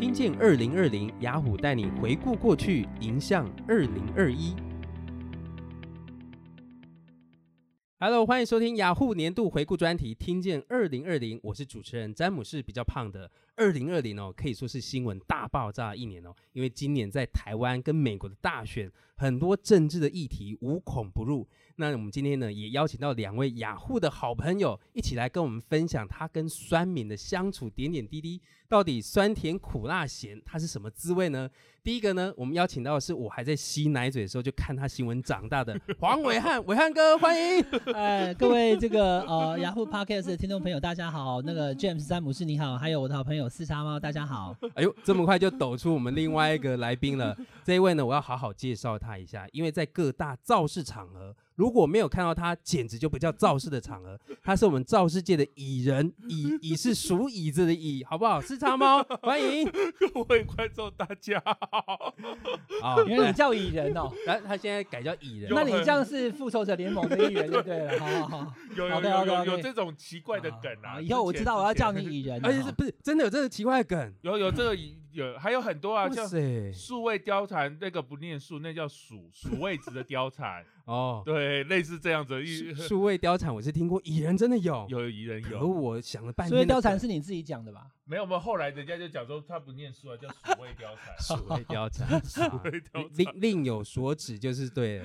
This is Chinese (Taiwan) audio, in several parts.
聽見二零二零，雅虎帶你回顧過去，迎向二零二一。Hello，歡迎收聽雅虎、ah、年度回顧專題《聽見二零二零》，我是主持人詹姆士，比較胖的。二零二零哦，可以說是新聞大爆炸一年哦，因為今年在台灣跟美國的大選，很多政治的議題無孔不入。那我們今天呢，也邀請到兩位雅虎、ah、的好朋友，一起來跟我們分享他跟酸民的相處點點滴滴。到底酸甜苦辣鹹，它是什麼滋味呢？第一個呢，我們邀請到的是我還在吸奶嘴的時候就看他新聞長大的黃暐瀚，暐瀚哥歡迎！哎，各位這個呃雅虎 Podcast 的聽眾朋友，大家好。那個 James 詹姆士你好，還有我的好朋友四叉貓，大家好。哎呦，這麼快就抖出我們另外一個來賓了。這一位呢，我要好好介紹他一下，因為在各大造勢場合，如果沒有看到他，簡直就不叫造勢的場合。他是我們造勢界的蟻人，蟻蟻是數椅子的蟻，好不好？是。叉貓，歡迎各位觀眾，大家好，哦。原來你叫蟻人哦， 但他現在改叫蟻人，有很 那你這樣是復仇者聯盟的一員就對了。好好好。有有有有這種奇怪的梗啊！哦、前以後我知道我要叫你蟻人，哦，而且是不是真的有這個奇怪的梗？有有這個。 有還有很多啊，塞叫數位貂蟬，那個不念數，那個、叫數數位值的貂蟬 哦，對，類似這樣子的。數位貂蟬，我是聽過，蟻人真的有，有蟻人有。可我想了半天，所以貂蟬是你自己講的吧？沒有，沒有，後來人家就講說他不念書啊，叫數位貂蟬，數 好位貂蟬，好數位貂蟬，另另有所指，就是對了。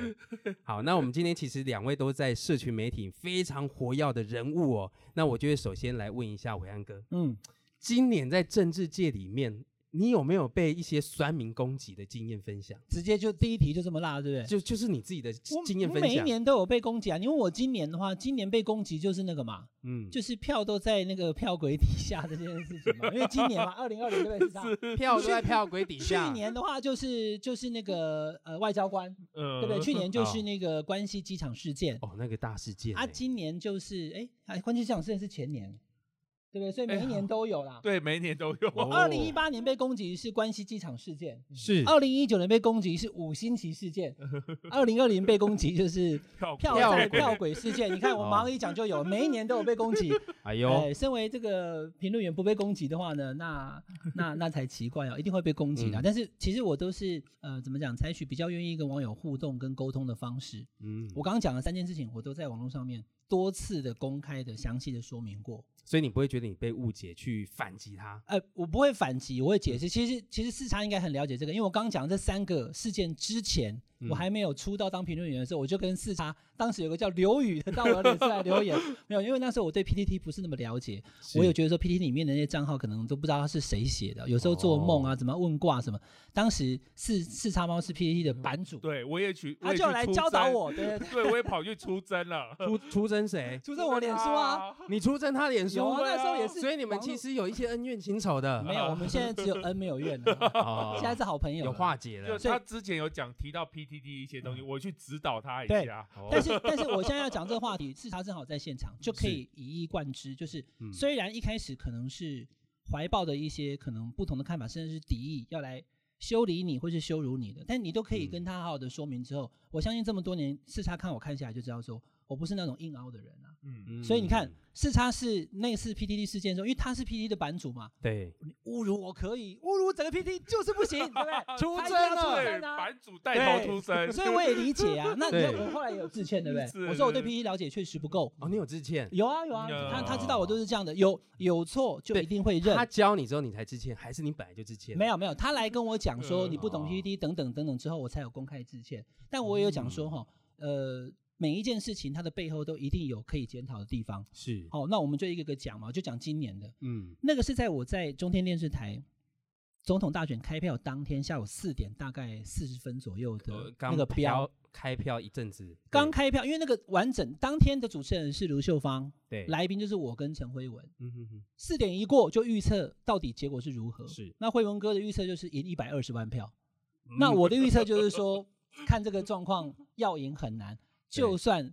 好，那我們今天其實兩位都在社群媒體非常活躍的人物哦，那我就會首先來問一下暐瀚哥，嗯，今年在政治界裡面。你有沒有被一些酸民攻擊的經驗分享？直接就第一題就這麼辣，對不對？就就是你自己的經驗分享。每一年都有被攻擊啊！因為我今年的話，今年被攻擊就是那個嘛，嗯，就是票都在那個票匭底下的這件事情。因為今年嘛，二零二零對不對？票都在票匭底下。去年的話，就是就是那個呃外交官，對不對？去年就是那個關西機場事件。哦，那個大事件。啊，今年就是哎，哎，關西機場事件是前年。對不對？所以每一年都有啦。對，每一年都有。我二零一八年被攻擊是關西機場事件，是二零一九年被攻擊是五星旗事件，二零二零被攻擊就是票票票匭事件。你看我忙一講就有，每一年都有被攻擊。哎呦，誒，身為這個評論員不被攻擊的話呢，那那那才奇怪哦、啊，一定會被攻擊的。但是其實我都是呃，怎麼講，採取比較願意跟網友互動跟溝通的方式。嗯，我剛剛講了三件事情，我都在網絡上面多次的公開的詳細的說明過。所以你不會覺得你被誤解，去反擊他？呃，我不會反擊，我會解釋。其實，其實四叉應該很了解這個，因為我剛剛講這三個事件之前。我還沒有出道當評論員的時候，我就跟四叉，當時有個叫劉宇到我臉書來留言。沒有，因為那時候我對 P T T 不是那麼了解，我有覺得說 P T T 裡面的那些賬號可能都不知道他是誰寫的，有時候做夢啊，怎麼問卦什麼。當時四四叉貓是 P T T 的版主，對我也去，他就要來教導我，對，對我也跑去出征了。出出征誰？出征我臉書啊，你出征他臉書，啊那時候也是，所以你們其實有一些恩怨情仇的。沒有，我們現在只有恩沒有怨了，現在是好朋友，有化解了。就是他之前有講提到 P T。踢踢一些東西，嗯、我去指導他一下。對哦、但是但是我現在要講這個話題，四 叉正好在現場，是就可以一以貫之。就是、嗯、雖然一開始可能是懷抱的一些可能不同的看法，嗯、甚至是敵意，要來修理你或是羞辱你的，但你都可以跟他好好的說明之後，嗯、我相信這麼多年四叉看我看下來就知道說。我不是那種硬凹的人啊，所以你看，是他是那次 P T T 事件中，因為他是 P T T 的版主嘛，對，侮辱我可以，侮辱整個 P T T 就是不行，對不對？出聲了，版主帶頭出聲，所以我也理解啊。那我後來也有致歉，對不對？我說我對 P T T 了解確實不夠。哦，你有致歉？有啊有啊，他他知道我都是這樣的，有有錯就一定會認。他教你之後你才致歉，還是你本來就致歉？沒有沒有，他來跟我講說你不懂 P T T 等等等等之後，我才有公開致歉。但我也有講說哈，呃。每一件事情，它的背後都一定有可以檢討的地方。是，好、哦，那我們就一個個講嘛，就講今年的。嗯，那個是在我在中天電視台總統大選開票當天下午四點，大概四十分左右的那個票開票一陣子。剛開票，因為那個完整當天的主持人是盧秀芳，對，來賓就是我跟陳揮文。嗯哼哼。四點一過就預測到底結果是如何？是，那揮文哥的預測就是贏一百二十萬票，嗯、那我的預測就是說， 看這個狀況要贏很難。就算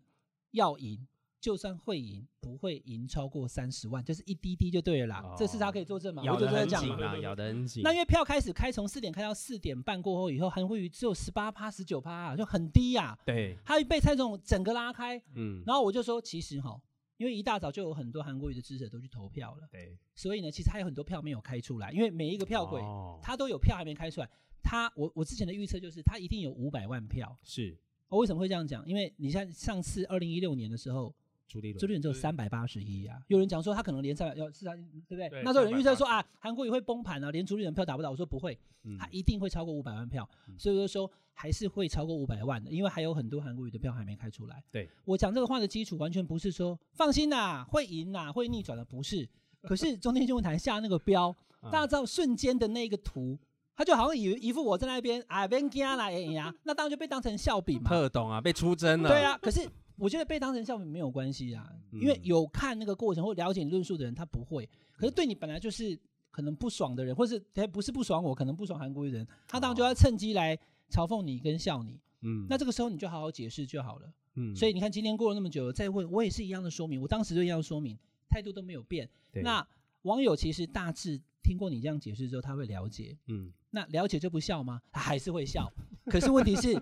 要贏，就算會贏，不會贏超過三十萬，就是一滴滴就對了啦。哦、這四叉可以作證嗎、啊、嘛？咬得緊啊，對對，那因為票開始開，從四點開到四點半過後以後，韓國瑜只有十八趴、十九趴，就很低呀、啊。對。他被蔡總整個拉開。嗯。然後我就說，其實哈，因為一大早就有很多韓國瑜的支持者都去投票了。對。所以呢，其實還有很多票沒有開出來，因為每一個票匭，他、哦、都有票還沒開出來。他，我我之前的預測就是，他一定有五百萬票。是。我、哦、為什麼會這樣講？因為你像上次二零一六年的時候，朱立倫就三百八十一啊，有人講說他可能連三百要至少，對不對？對那時候有人預測說啊，韓國瑜會崩盤啊，連朱立倫票打不到。我說不會，他一定會超過五百萬票，嗯、所以就說還是會超過五百萬的，因為還有很多韓國瑜的票還沒開出來。對我講這個話的基礎完全不是說放心吶、啊，會贏吶、啊，會逆轉的、啊，不是。可是中天新聞台下那個標，大家知道瞬間的那個圖。他就好像以一副我在那邊啊，邊講啦，哎呀，那當然就被當成笑柄嘛。特懂啊，被出征了。對啊，可是我覺得被當成笑柄沒有關係啊，因為有看那個過程或了解你論述的人，他不會。嗯、可是對你本來就是可能不爽的人，或是他不是不爽我，可能不爽韓國人，他當然就要趁機來嘲諷你跟笑你。嗯、哦，那這個時候你就好好解釋就好了。嗯，所以你看今天過了那麼久了再問，我也是一樣的說明，我當時就一樣的說明，態度都沒有變。對那網友其實大致聽過你這樣解釋之後，他會了解。嗯。那了解，就不笑嗎？他還是會笑。可是問題是，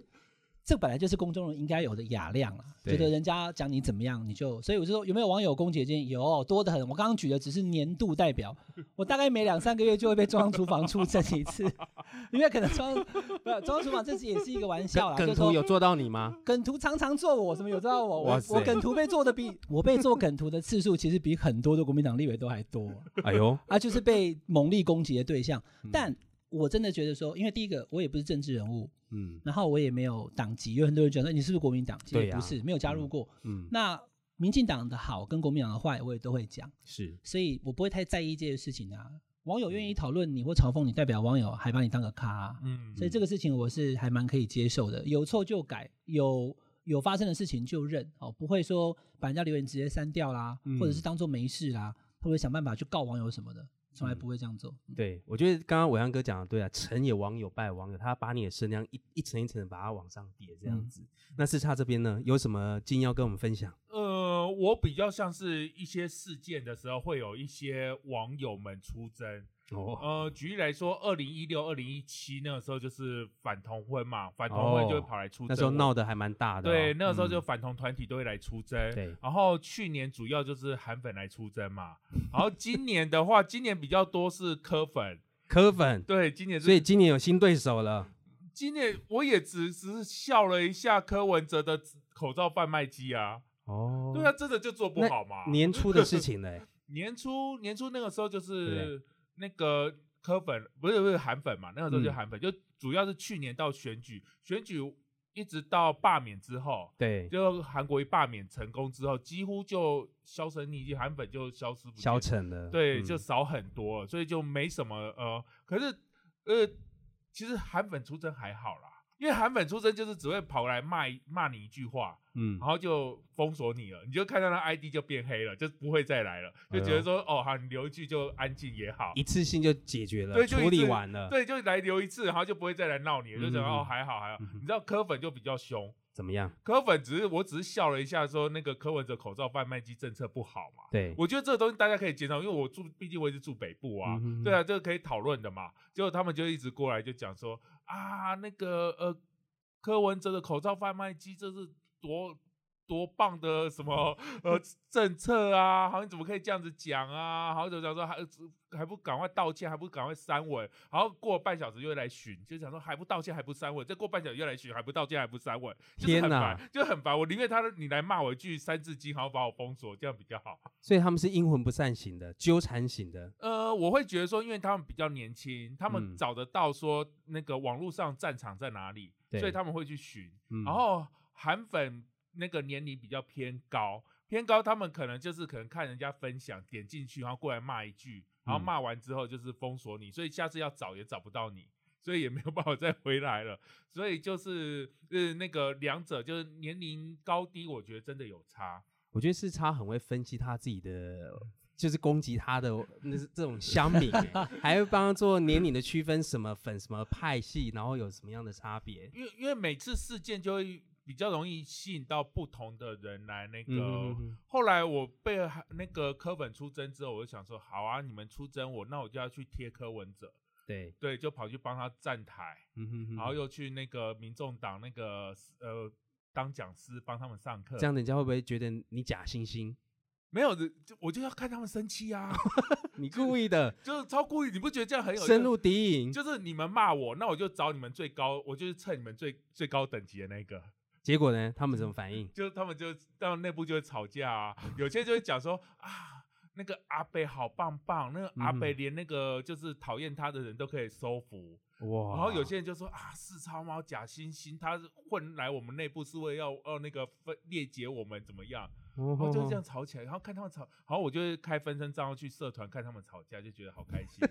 這本來就是公眾人應該有的雅量對覺得人家講你怎麼樣，你就所以我就說有沒有網友攻擊的經驗？有多的很。我剛剛舉的只是年度代表。我大概每兩三個月就會被中央廚房出征一次， 因為可能中央，不是，中央廚房這次也是一個玩笑啦。梗圖有做到你嗎？梗圖常常做我，什麼有做到我？塞我，我梗圖被做的比我被做梗圖的次數，其實比很多的國民黨立委都還多。哎呦！啊，就是被猛力攻擊的對象，嗯、但。我真的覺得說，因為第一個我也不是政治人物，嗯，然後我也沒有黨籍，有很多人覺得你是不是國民黨？其實不是，啊、沒有加入過，嗯，那民進黨的好跟國民黨的壞我也都會講，是，所以我不會太在意這些事情啊。網友願意討論你或嘲諷你，代表網友還把你當個咖、啊，嗯，所以這個事情我是還蠻可以接受的，有錯就改，有有發生的事情就認，哦，不會說把人家留言直接刪掉啦，嗯、或者是當做沒事啦，或者想辦法去告網友什麼的。從來不會這樣做、嗯。嗯、對，我覺得剛剛暐瀚哥講的對啊，成也網友，敗網友，他把你的聲量一一層一層的把它往上疊這樣子。嗯、那四叉這邊呢，有什麼經驗要跟我們分享？呃，我比較像是一些事件的時候，會有一些網友們出征。哦，oh. 呃，舉例來說，二零一六、二零一七那個時候就是反同婚嘛，反同婚就會跑來出征，oh, 那時候鬧得還蠻大的、啊。對，那個時候就反同團體都會來出征。嗯、對，然後去年主要就是韓粉來出征嘛， 然後今年的話，今年比較多是柯粉，柯粉。對，今年、就是。所以今年有新對手了。今年我也只是笑了一下柯文哲的口罩販賣機啊。哦。Oh. 對啊，真的就做不好嘛。年初的事情呢？ 年初，年初那個時候就是。那個柯粉不是不是韓粉嘛？那個時候就韓粉，嗯、就主要是去年到選舉，選舉一直到罷免之後，對，就韓國瑜罷免成功之後，幾乎就銷聲匿跡，韓粉就消失不見。消沉了，對，嗯、就少很多了，所以就沒什麼呃，可是呃，其實韓粉出征還好啦。因為韓粉出身就是只會跑來罵罵你一句話，嗯，然後就封鎖你了，你就看到那 ID 就變黑了，就不會再來了，就覺得說、嗯、哼哦，好，你留一句就安靜也好，一次性就解決了，處理完了，對，就來留一次，然後就不會再來鬧你，就覺得哦還好還好，還好嗯、哼你知道柯粉就比較兇，怎麼樣？柯粉只是我只是笑了一下說，說那個柯文哲口罩販賣機政策不好嘛，對，我覺得這個東西大家可以接受，因為我住畢竟我是住北部啊，嗯、哼對啊，這個可以討論的嘛，結果他們就一直過來就講說。啊，那個呃，柯文哲的口罩販賣機，這是多多棒的什麼呃政策啊，好像怎麼可以這樣子講啊，好像怎麼講說還還不趕快道歉，還不趕快刪文。然後過半小時又來尋，就想說，還不道歉，還不刪文。再過半小時又來尋，還不道歉，還不刪文。天哪，就很，就很煩。我寧願他你來罵我一句三字經，然後把我封鎖，這樣比較好。所以他們是陰魂不散型的，糾纏型的，型的呃，我會覺得說，因為他們比較年輕，他們、嗯、找得到說那個網絡上戰場在哪裡，對所以他們會去尋。然後韓粉。嗯那個年齡比較偏高，偏高，他們可能就是可能看人家分享，點進去，然後過來罵一句，然後罵完之後就是封鎖你，嗯、所以下次要找也找不到你，所以也沒有辦法再回來了。所以就是，就是那個兩者就是年齡高低，我覺得真的有差。我覺得四叉很會分析他自己的，就是攻擊他的那是 這種鄉民、欸、 還會幫他做年齡的區分，嗯、什麼粉什麼派系，然後有什麼樣的差別。因為因為每次事件就會。比較容易吸引到不同的人來那個。嗯、哼哼後來我被那個柯粉出征之後，我就想說好啊，你們出征我，那我就要去貼柯文哲。對對，就跑去幫他站台，嗯、哼哼然後又去那個民眾黨那個呃當講師，幫他們上課。這樣人家會不會覺得你假惺惺？沒有，就我就要看他們生氣啊， 你故意的， 就是超故意。你不覺得這樣很有深入敵營？就是你們罵我，那我就找你們最高，我就是蹭你們最最高等級的那個。結果呢？他們怎麼反應？就他們就到內部就會吵架啊， 有些人就會講說啊，那個阿北好棒棒，那個阿北連那個就是討厭他的人都可以收服哇。嗯、哼然後有些人就說啊，四叉貓假惺惺，他是混來我們內部是為了要要那個分裂解我們怎麼樣？哦哦哦然後就這樣吵起來，然後看他們吵，然後我就開分身賬號去社團看他們吵架，就覺得好開心。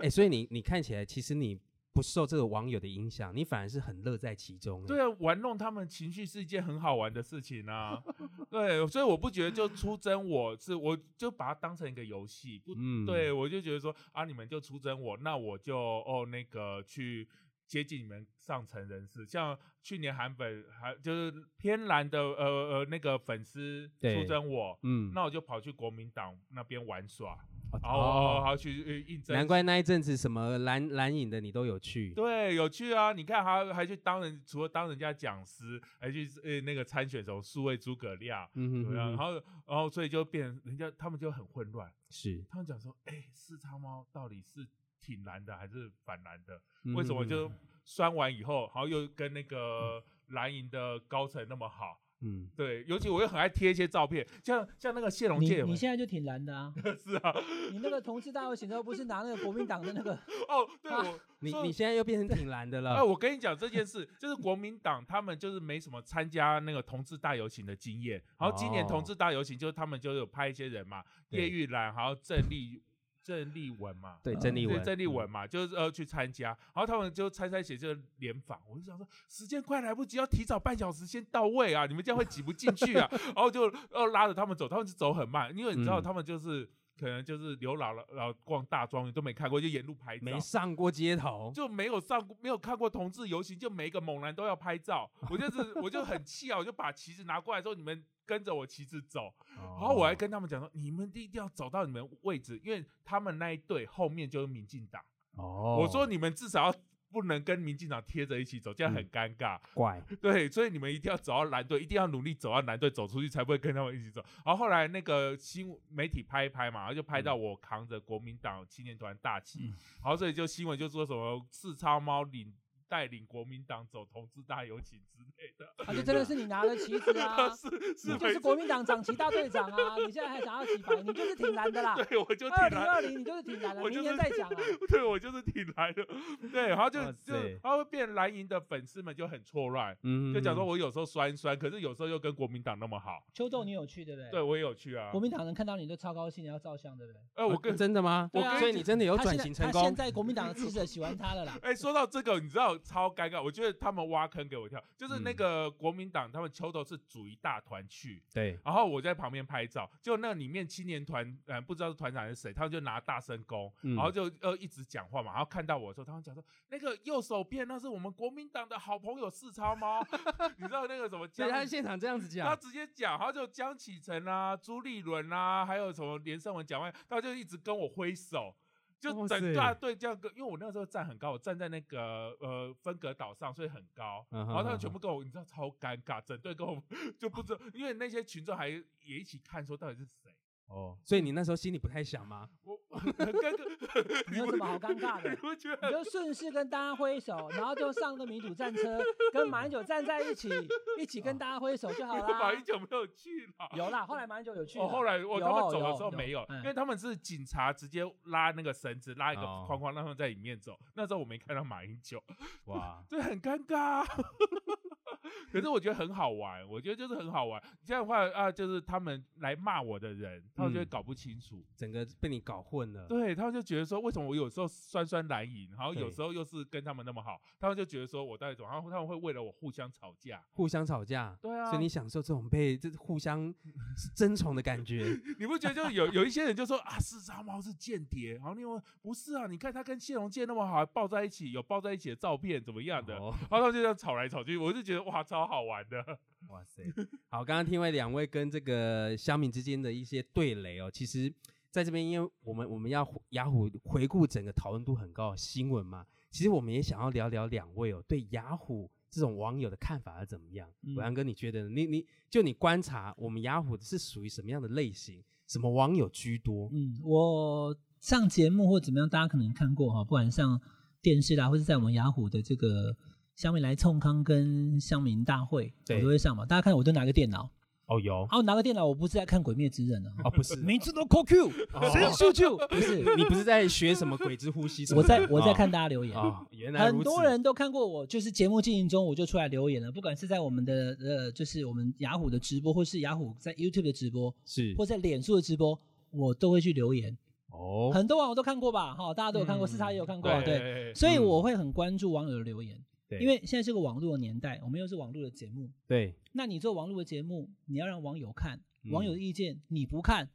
哎、 欸，所以你你看起來其實你。不受這個網友的影響，你反而是很樂在其中、欸。對啊，玩弄他們情緒是一件很好玩的事情啊。 對，所以我不覺得就出征我是，我就把它當成一個遊戲。不、嗯、對，我就覺得說啊，你們就出征我，那我就哦，那個去接近你們上層人士，像去年韓粉還就是偏藍的呃呃那個粉絲出征我，嗯，那我就跑去國民黨那邊玩耍。哦，好，去、嗯、應徵。難怪那一陣子什麼藍、藍營的你都有去，對，有去啊。你看，還還去當人，除了當人家講師，還去呃、欸、那個參選什麼數位諸葛亮，嗯哼哼哼，對啊。然後，然後所以就變人家他們就很混亂，是他們講說，哎、欸，四叉貓到底是挺藍的還是反藍的？嗯、哼哼，為什麼就酸完以後，然後又跟那個藍營的高層那麼好？嗯，對，尤其我又很愛貼一些照片，像像那個謝龍介有有，你你現在就挺藍的啊？ 是啊，你那個同志大遊行的不是拿那個國民黨的那個 哦，對。啊、我說你你現在又變成挺藍的了？哎、啊，我跟你講這件事，就是國民黨他們就是沒什麼參加那個同志大遊行的經驗， 然後今年同志大遊行，就是他們就有派一些人嘛，葉、哦、玉蘭，還有鄭麗。鄭麗文嘛，對，鄭麗文，鄭麗文嘛，嗯、就是呃去參加，然後他們就猜猜寫這個聯訪，我就想說時間快來不及，要提早半小時先到位啊，你們這樣會擠不進去啊， 然後就要、呃、拉着他們走，他們就走很慢，因為你知道他們就是、嗯、可能就是劉姥姥逛大莊園，都沒看過，就沿路拍照，沒上過街頭，就沒有上過沒有看過同志遊行，就每一個猛男都要拍照，我就是 我就很氣啊，我就把旗子拿過來之後你們。跟着我旗幟走，oh. 然後我還跟他們講說，你們一定要走到你們位置，因為他們那一隊後面就是民進黨。哦，oh. 我說你們至少要不能跟民進黨貼着一起走，這樣很尷尬。嗯、怪，對，所以你們一定要走到藍隊，一定要努力走到藍隊走出去，才不會跟他們一起走。然後後來那個新媒體拍一拍嘛，然後就拍到我扛着國民黨青年團大旗，嗯、然後所以就新聞就說什麼“四叉貓領隊。帶領國民黨走同志大遊行之類的，感覺真的是你拿了旗子啊，是就是國民黨掌旗大隊長啊！你現在還想要旗板，你就是挺藍的啦。對，我就挺藍二零二零，你就是挺藍的。明年再講。對，我就是挺藍的。對，然後就就，然後變藍營的粉絲們就很錯亂。嗯，就講說我有時候酸酸，可是有時候又跟國民黨那麼好。秋豆，你有去對不對？對，我也有去啊。國民黨人看到你就超高興，要照相對不對？呃，我跟，真的嗎？對，所以你真的有轉型成功。現在國民黨的記者喜歡他了啦。哎，說到這個，你知道？超尷尬，我覺得他們挖坑給我跳，就是那個國民黨，嗯、他們秋鬥是組一大團去，對，然後我在旁邊拍照，就那裡面青年團、呃，不知道是團長還是誰，他們就拿大聲公，嗯、然後就呃一直講話嘛，然後看到我的時候，他們講說那個右手邊那是我們國民黨的好朋友四叉貓嗎？ 你知道那個什麼江？然後他在現場這樣子講，他直接講，他就江啟臣啊、朱立倫啊，還有什麼連勝文講話，他就一直跟我揮手。就整大隊這樣，oh, say. 因為我那時候站很高，我站在那個呃分隔島上，所以很高。Uh-huh, 然後他們全部跟我，你知道、uh-huh. 超尷尬，整隊跟我就不知道，uh-huh. 因為那些群眾還也一起看，說到底是誰。哦，oh. 所以你那時候心裡不太想嗎？我。 尷尬 你有什麼好尷尬的？ 你，你就順勢跟大家揮手，然後就上個民主戰車，跟馬英九站在一起，一起跟大家揮手就好了。哦、馬英九沒有去啦。有啦，後來馬英九有去。哦，後來我他們走的時候沒有，有有有有嗯、因為他們是警察，直接拉那個繩子，拉一個框框讓他們在裡面走。哦、那時候我沒看到馬英九，哇，這 很尷尬、啊。 可是我覺得很好玩，我覺得就是很好玩。你這樣的話啊，就是他們來罵我的人，他們就會搞不清楚，嗯、整個被你搞混了。對，他們就覺得說，為什麼我有時候酸酸藍營，然後有時候又是跟他們那麼好，對他們就覺得說我帶種，然後他們會為了我互相吵架，互相吵架。對啊，所以你享受這種被這互相是爭寵的感覺， 你不覺得就有有一些人就說 啊，是四叉貓是間諜，然後另外不是啊，你看他跟謝龍介那麼好，抱在一起有抱在一起的照片怎麼樣的，哦、然後他們就這樣吵來吵去，我就覺得哇操。好好玩的，哇塞！好，剛剛聽完兩位跟這個鄉民之間的一些對壘哦，其實在這邊，因為我們我們要雅虎回顧整個討論度很高的新聞嘛，其實我們也想要聊聊兩位哦，對雅虎這種網友的看法是怎麼樣？暐瀚、嗯、哥，你覺得呢？你你就你觀察我們雅虎是屬於什麼樣的類型？什麼網友居多？嗯，我上節目或怎麼樣，大家可能看過哈，不管上電視啦，或者在我們雅虎的這個。鄉民來衝康跟鄉民大會我都會上嘛，大家看我都拿個電腦哦有，好拿個電腦，我不是在看《鬼滅之刃》的哦不是，每次都 QQ，直接輸入，不是你不是在學什麼鬼之呼吸？我在我在看大家留言，原來很多人都看過我，就是節目進行中我就出來留言了，不管是在我們的呃就是我們雅虎的直播，或是雅虎在 YouTube 的直播，是或在臉書的直播，我都會去留言哦。很多網友都看過吧？哈，大家都有看過，四叉也有看過，對，所以我會很關注網友的留言。對因為現在是個網絡的年代，我們又是網絡的節目，對。那你做網絡的節目，你要讓網友看、嗯、網友的意見，你不看，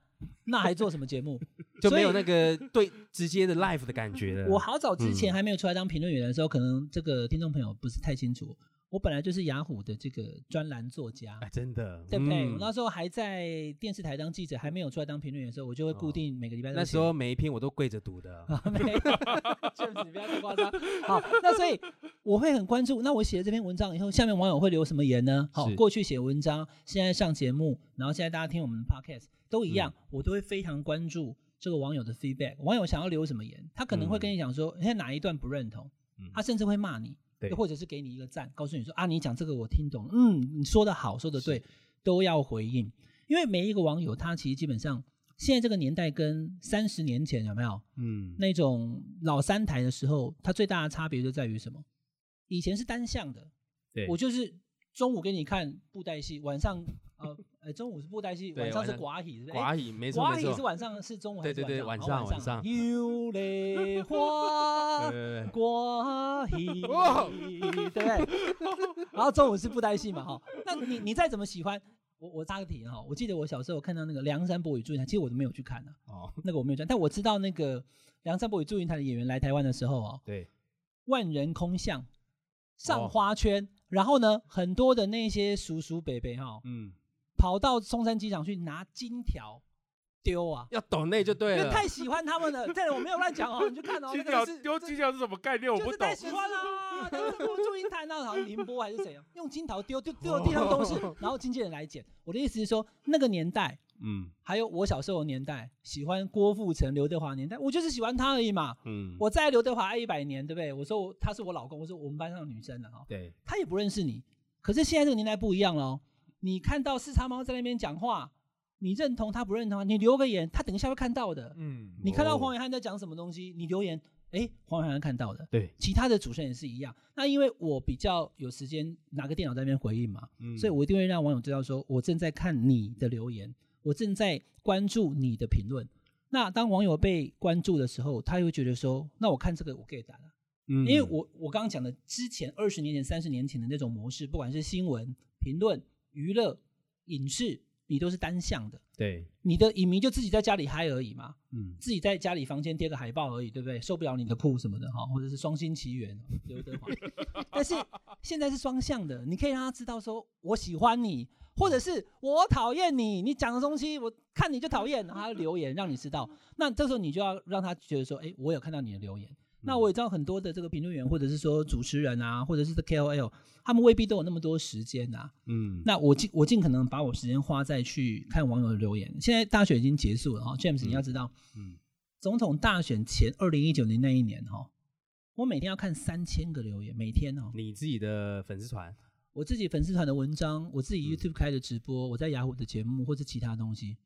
那還做什麼節目？ 以就沒有那個對直接的 live 的感覺、嗯、我好早之前還沒有出來當評論員的時候，嗯、可能這個聽眾朋友不是太清楚。我本來就是雅虎的這個專欄作家，哎、真的，對不對？我、嗯、那時候還在電視台當記者，還沒有出來當評論員的時候，我就會固定每個禮拜。那時候每一篇我都跪着讀的，啊、沒有，就 不要太誇張。 好，那所以我會很關注，那我寫了這篇文章以後，下面網友會留什麼言呢？好，是過去寫文章，現在上節目，然後現在大家聽我們的 podcast 都一樣，嗯、我都會非常關注這個網友的 feedback。網友想要留什麼言，他可能會跟你講說，哎、嗯，現在哪一段不認同？他甚至會罵你。對又或者是給你一個讚，告訴你說啊，你講這個我聽懂，嗯，你說的好，說的對，的都要回應，因為每一個網友他其實基本上，現在這個年代跟三十年前有沒有？嗯，那種老三台的時候，他最大的差別就在於什麼？以前是單向的，對，我就是中午給你看布袋戲，晚上。中午是布袋戲，晚上是寡戲，寡戲沒錯，寡戲是晚上是中午還是晚上？晚上晚上。有淚花，寡戲，對。然後中午是布袋戲嘛，哈。那你你再怎麼喜歡，我我插個題哈，我記得我小時候看到那個《梁山伯與祝英台》，其實我都沒有去看那個我沒有看，但我知道那個《梁山伯與祝英台》的演員來台灣的時候啊，對，萬人空巷，上花圈，然後呢，很多的那些叔叔伯伯哈，嗯。跑到松山機場去拿金條丟啊，要懂那就對了，因為太喜歡他們了。對，我沒有亂講哦，你去看哦。金條條丟金條是什麼概念？我不懂。就是太喜歡啦、啊！朱茵、 那娜、 寧波還是誰、啊，用金條丟丟丟地上都是，然後經紀人來撿。我的意思是說，那個年代，嗯，還有我小時候的年代，喜歡郭富城、劉德華年代，我就是喜歡他而已嘛。嗯，我在劉德華愛一百年，對不對？我說他是我老公，我說我們班上的女生的哈、哦。對，他也不認識你。可是現在這個年代不一樣嘍。你看到四叉貓在那邊講話，你認同他不認同啊？你留個言，他等一下會看到的。嗯，哦、你看到黃暐瀚在講什麼東西？你留言，哎、欸，黃暐瀚看到的。對，其他的主持人也是一樣。那因為我比較有時間拿個電腦在那邊回應嘛，嗯、所以我一定會讓網友知道說，我正在看你的留言，我正在關注你的評論。那當網友被關注的時候，他又覺得說，那我看這個我 get 到了。嗯，因為我我剛剛講的之前二十年前三十年前的那種模式，不管是新聞評論。娛樂影視，你都是單向的，對，你的影迷就自己在家裡嗨而已嘛，嗯，自己在家裡房間貼個海報而已，對不對？受不了你的酷什麼的哈，或者是《雙星奇緣》劉德華， 但是現在是雙向的，你可以讓他知道說，我喜歡你，或者是我討厭你，你講的東西我看你就討厭，然後他留言讓你知道，那這時候你就要讓他覺得說，哎、欸，我有看到你的留言。那我也知道很多的這個評論員，或者是說主持人啊，或者是 KOL，他們未必都有那麼多時間吶。嗯，那我盡我盡可能把我時間花在去看網友的留言。現在大選已經結束了喔，嗯，哈，James，你要知道，嗯，總統大選前二零一九年那一年哈喔，我每天要看三千個留言，每天哦。你自己的粉絲團？我自己粉絲團的文章，我自己 YouTube 開的直播，我在雅虎的節目，或者其他東西。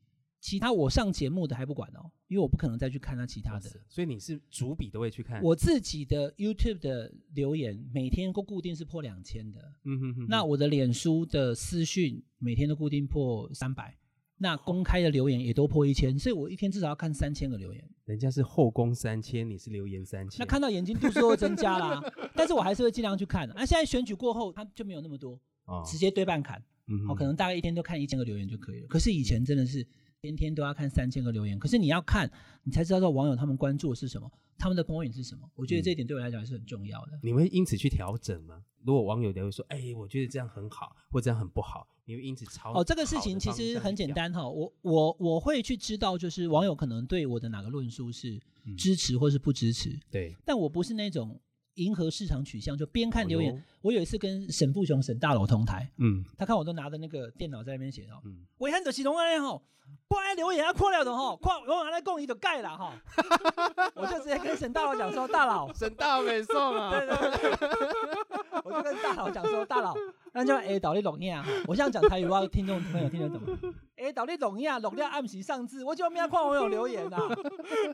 其他我上節目的還不管哦，因為我不可能再去看他其他的。Yes, 所以你是逐筆都會去看。我自己的 YouTube 的留言每天都固定是破兩千的。嗯，哼嗯哼，那我的臉書的私訊每天都固定破三百，那公開的留言也都破一千，所以我一天至少要看三千個留言。人家是後宮三千，你是留言三千。那看到眼睛度數都增加啦，啊， 但是我還是會盡量去看，啊。那、啊、現在選舉過後，他就沒有那麼多啊，哦、直接對半砍。我、嗯哼哦、可能大概一天都看一千個留言就可以了。可是以前真的是。天天都要看三千個留言，可是你要看，你才知道這網友他們關注的是什麼，他們的 point 是什麼？我覺得這一點對我來講還是很重要的。嗯、你們會因此去調整嗎？如果網友會說：“哎、欸，我覺得這樣很好，或這樣很不好。”你會因此超哦？這個事情其實很簡單哈。我我我會去知道，就是網友可能對我的哪個論述是支持或是不支持。嗯、對，但我不是那種。迎合市場取向，就邊看留言。哎、呦我有一次跟沈富雄、沈大佬同台，嗯，他看我都拿着那個電腦在那邊寫哦，嗯，我一看到起龍哎吼，過來留言啊，破料的吼，破，我拿來供一個蓋了哈，我就直接跟沈大佬講說，大佬，沈大佬給送啊！對對對，我就跟大佬講說，大佬。 那叫誒，到底懂呀？我想講台語要聽眾朋友聽得懂嗎？誒、 啊，到底懂呀？弄掉暗時上次我就沒看我有看網友留言吶、啊。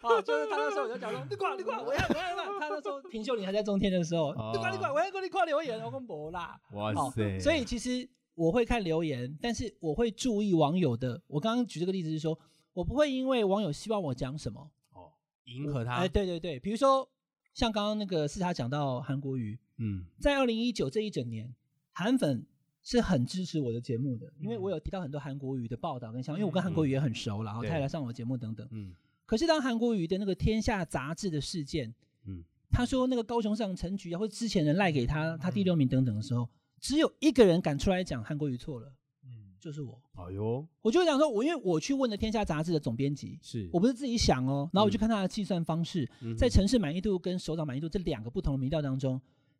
好、 哦，就是他那時候我就講說：“你掛，你掛，我要，我要。”他那時候平秀琳還在中天的時候，哦、你掛，你掛，我要跟你掛留言，我說無啦。哇塞、哦！所以其實我會看留言，但是我會注意網友的。我剛剛舉這個例子是說，我不會因為網友希望我講什麼哦，迎合他。哎，對對對，比如說像剛剛那個是他講到韓國瑜，嗯，在二零一九這一整年。韓粉是很支持我的節目的，因為我有提到很多韓國瑜的報道跟相關、嗯、因為我跟韓國瑜也很熟、嗯、然後他也來上我的節目等等。嗯、可是當韓國瑜的那個《天下》雜誌的事件，嗯、他說那個高雄市長陳菊或者之前人賴給他，他第六名等等的時候，嗯、只有一個人敢出來講韓國瑜錯了，嗯、就是我。哎呦！我就講說，我因為我去問了《天下》雜誌的總編輯，是我不是自己想哦，然後我就看他的計算方式，嗯、在城市滿意度跟首長滿意度這兩個不同的民調當中。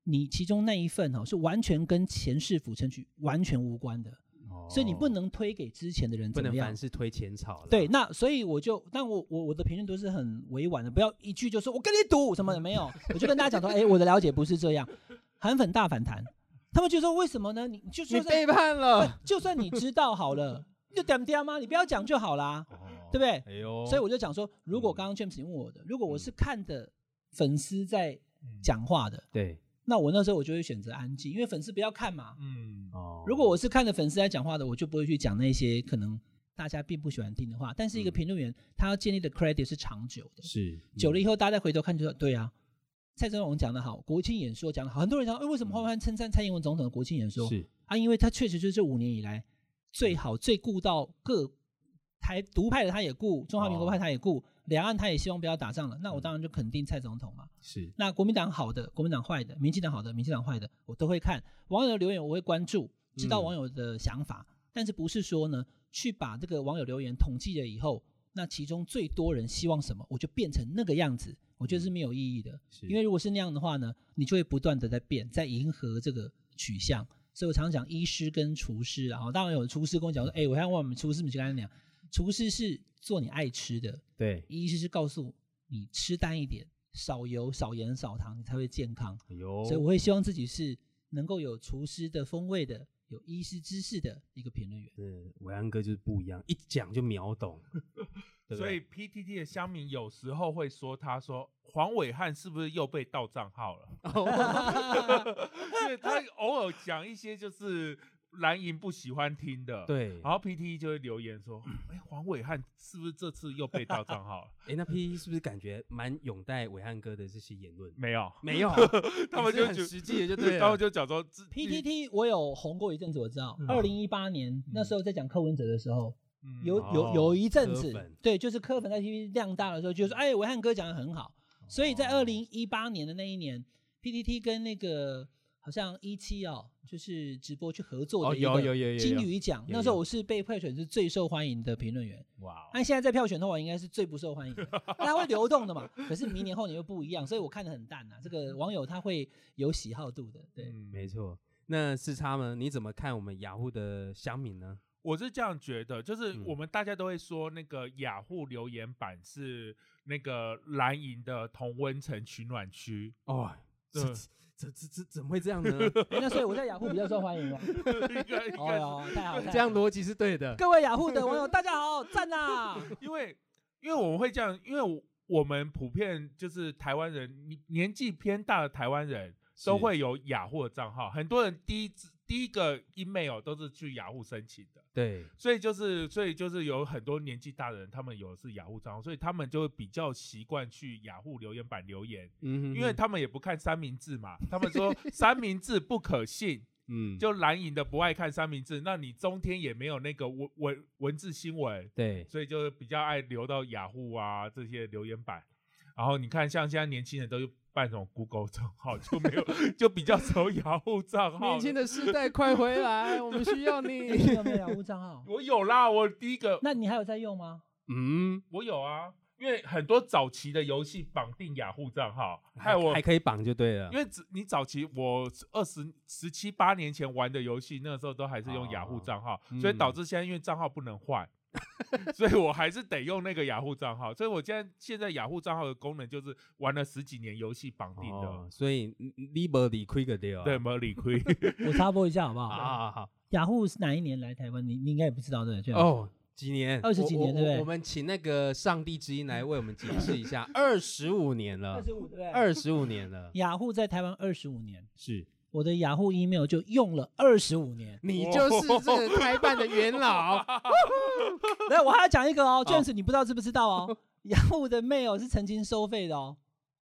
你其中那一份哈是完全跟前市府城局完全無關的，所以你不能推給之前的人怎麼樣？不能凡事推前朝。對，那所以我就，但我我我的評論都是很委婉的，不要一句就說我跟你賭什麼的，沒有，我就跟大家講說，哎，我的了解不是這樣。韓粉大反彈，他們就說為什麼呢？你就說你背叛了，就算你知道好了，就點點嗎？你不要講就好啦，對不對？哎呦，所以我就講說，如果剛剛 James 問我的，如果我是看的粉絲在講話的，對。那我那時候我就會選擇安靜，因為粉絲不要看嘛。嗯，哦，如果我是看着粉絲來講話的，我就不會去講那些可能大家並不喜歡聽的話。但是一個評論員，嗯、他要建立的 credit 是長久的。是，嗯、久了以後大家再回頭看就說，對啊。蔡總統講得好，國慶演說講得好，很多人講，哎、欸，為什麼瀚瀚稱讚蔡英文總統的國慶演說是？啊，因為他確實就是這五年以來最好、最顧到各。台獨派的他也顧，中華民國派他也顧，兩、哦、岸他也希望不要打仗了。那我當然就肯定蔡總統嘛。是。那國民黨好的，國民黨壞的，民進黨好的，民進黨壞的，我都會看。網友的留言我會關注，知道網友的想法。嗯、但是不是說呢，去把這個網友留言統計了以後，那其中最多人希望什麼，我就變成那個樣子，我覺得是沒有意義的。是因為如果是那樣的話呢，你就會不斷的在變，在迎合這個取向。所以我常常講醫師跟廚師，然後當然有廚師跟我講說，哎是、欸，我還問我們廚師們去跟他講。廚師是做你愛吃的，對，醫師是告訴你吃淡一點，少油、少鹽、少糖，你才會健康。哎、呦所以我會希望自己是能夠有廚師的風味的，有醫師知識的一個評論員。對，暐瀚哥就是不一樣，一講就秒懂。 對對所以 PTT 的鄉民有時候會說，他說黃暐瀚是不是又被盜賬號了？因為他偶爾講一些就是。藍營不喜歡聽的，對，然後 P T T 就會留言說：“哎，黃暐瀚是不是這次又被盜賬號了？”哎，那 P T T 是不是感覺蠻擁戴暐瀚哥的這些言論？沒有，沒有，他們就很實際，也就對，他們就講說，P T T 我有紅過一陣子，我知道，二零一八年那時候在講柯文哲的時候，有有有一陣子，對，就是柯粉在 T T 量大的時候，就說：“哎，暐瀚哥講的很好。”所以，在二零一八年的那一年，P T T 跟那個好像一七哦。就是直播去合作的一個金魚獎，那時候我是被票選是最受歡迎的評論員。哇！那現在在票選的話，應該是最不受歡迎的，大家、哦、會流動的嘛。 可是明年後年又不一樣，所以我看得很淡啊。這個網友他會有喜好度的，對，嗯、沒錯。那是他們，你怎麼看我們雅虎、ah、的鄉民呢？我是這樣覺得，就是我們大家都會說那個雅虎、ah、留言板是那個藍營的同溫層取暖區哦。呃、是。怎怎怎怎麼會這樣呢、？ 欸？那所以我在雅虎比較受歡迎 應該哦，oh, oh, 太好， 太好這樣邏輯是對的。各位雅虎的網友， 大家好，讚啊！因為因為我們會這樣，因為我們普遍就是台灣人，年紀偏大的台灣人是都會有雅虎的賬號，很多人第一第一個 email 都是去雅虎申請的。對，所以就是，所以就是有很多年紀大的人，他們有的是雅虎賬號，所以他們就會比較習慣去雅虎留言板留言，嗯哼嗯，因為他們也不看三明治嘛，他們說三明治不可信，嗯， 就藍營的不愛看三明治，嗯，那你中天也沒有那個文文文字新聞，對所以就比較愛留到雅虎啊這些留言板，然後你看像現在年輕人都。辦什麼 Google 賬號就沒有， 就比較愁，雅虎賬號。年輕的世代快回來， 我們需要你。有 沒有雅虎賬號？我有啦，我第一個。那你還有在用嗎？嗯，我有啊，因為很多早期的遊戲綁定雅虎賬號，還害我還可以綁就對了。因為你早期我二十十七八年前玩的遊戲，那個時候都還是用雅虎賬號，哦、所以導致現在因為賬號不能換。嗯 所以，我還是得用那個雅虎賬號。所以，我現在現在雅虎賬號的功能就是玩了十幾年遊戲綁定的，哦。所以你沒理虧個屌。對，沒理虧。 我插播一下好不好？好啊好、好。雅虎是哪一年來台灣？你你應該也不知道對不對？哦，幾年？二十幾年對不對？我、我、我們請那個上帝之音來為我們解釋一下。二十五年了，二十五對不對？二十五年了，雅虎在台灣二十五年是。我的雅虎 email 就用了二十五年，你就是這開辦的元老。來，我還要講一個哦，James，你不知道知不知道哦？雅虎的 mail 是曾經收費的哦，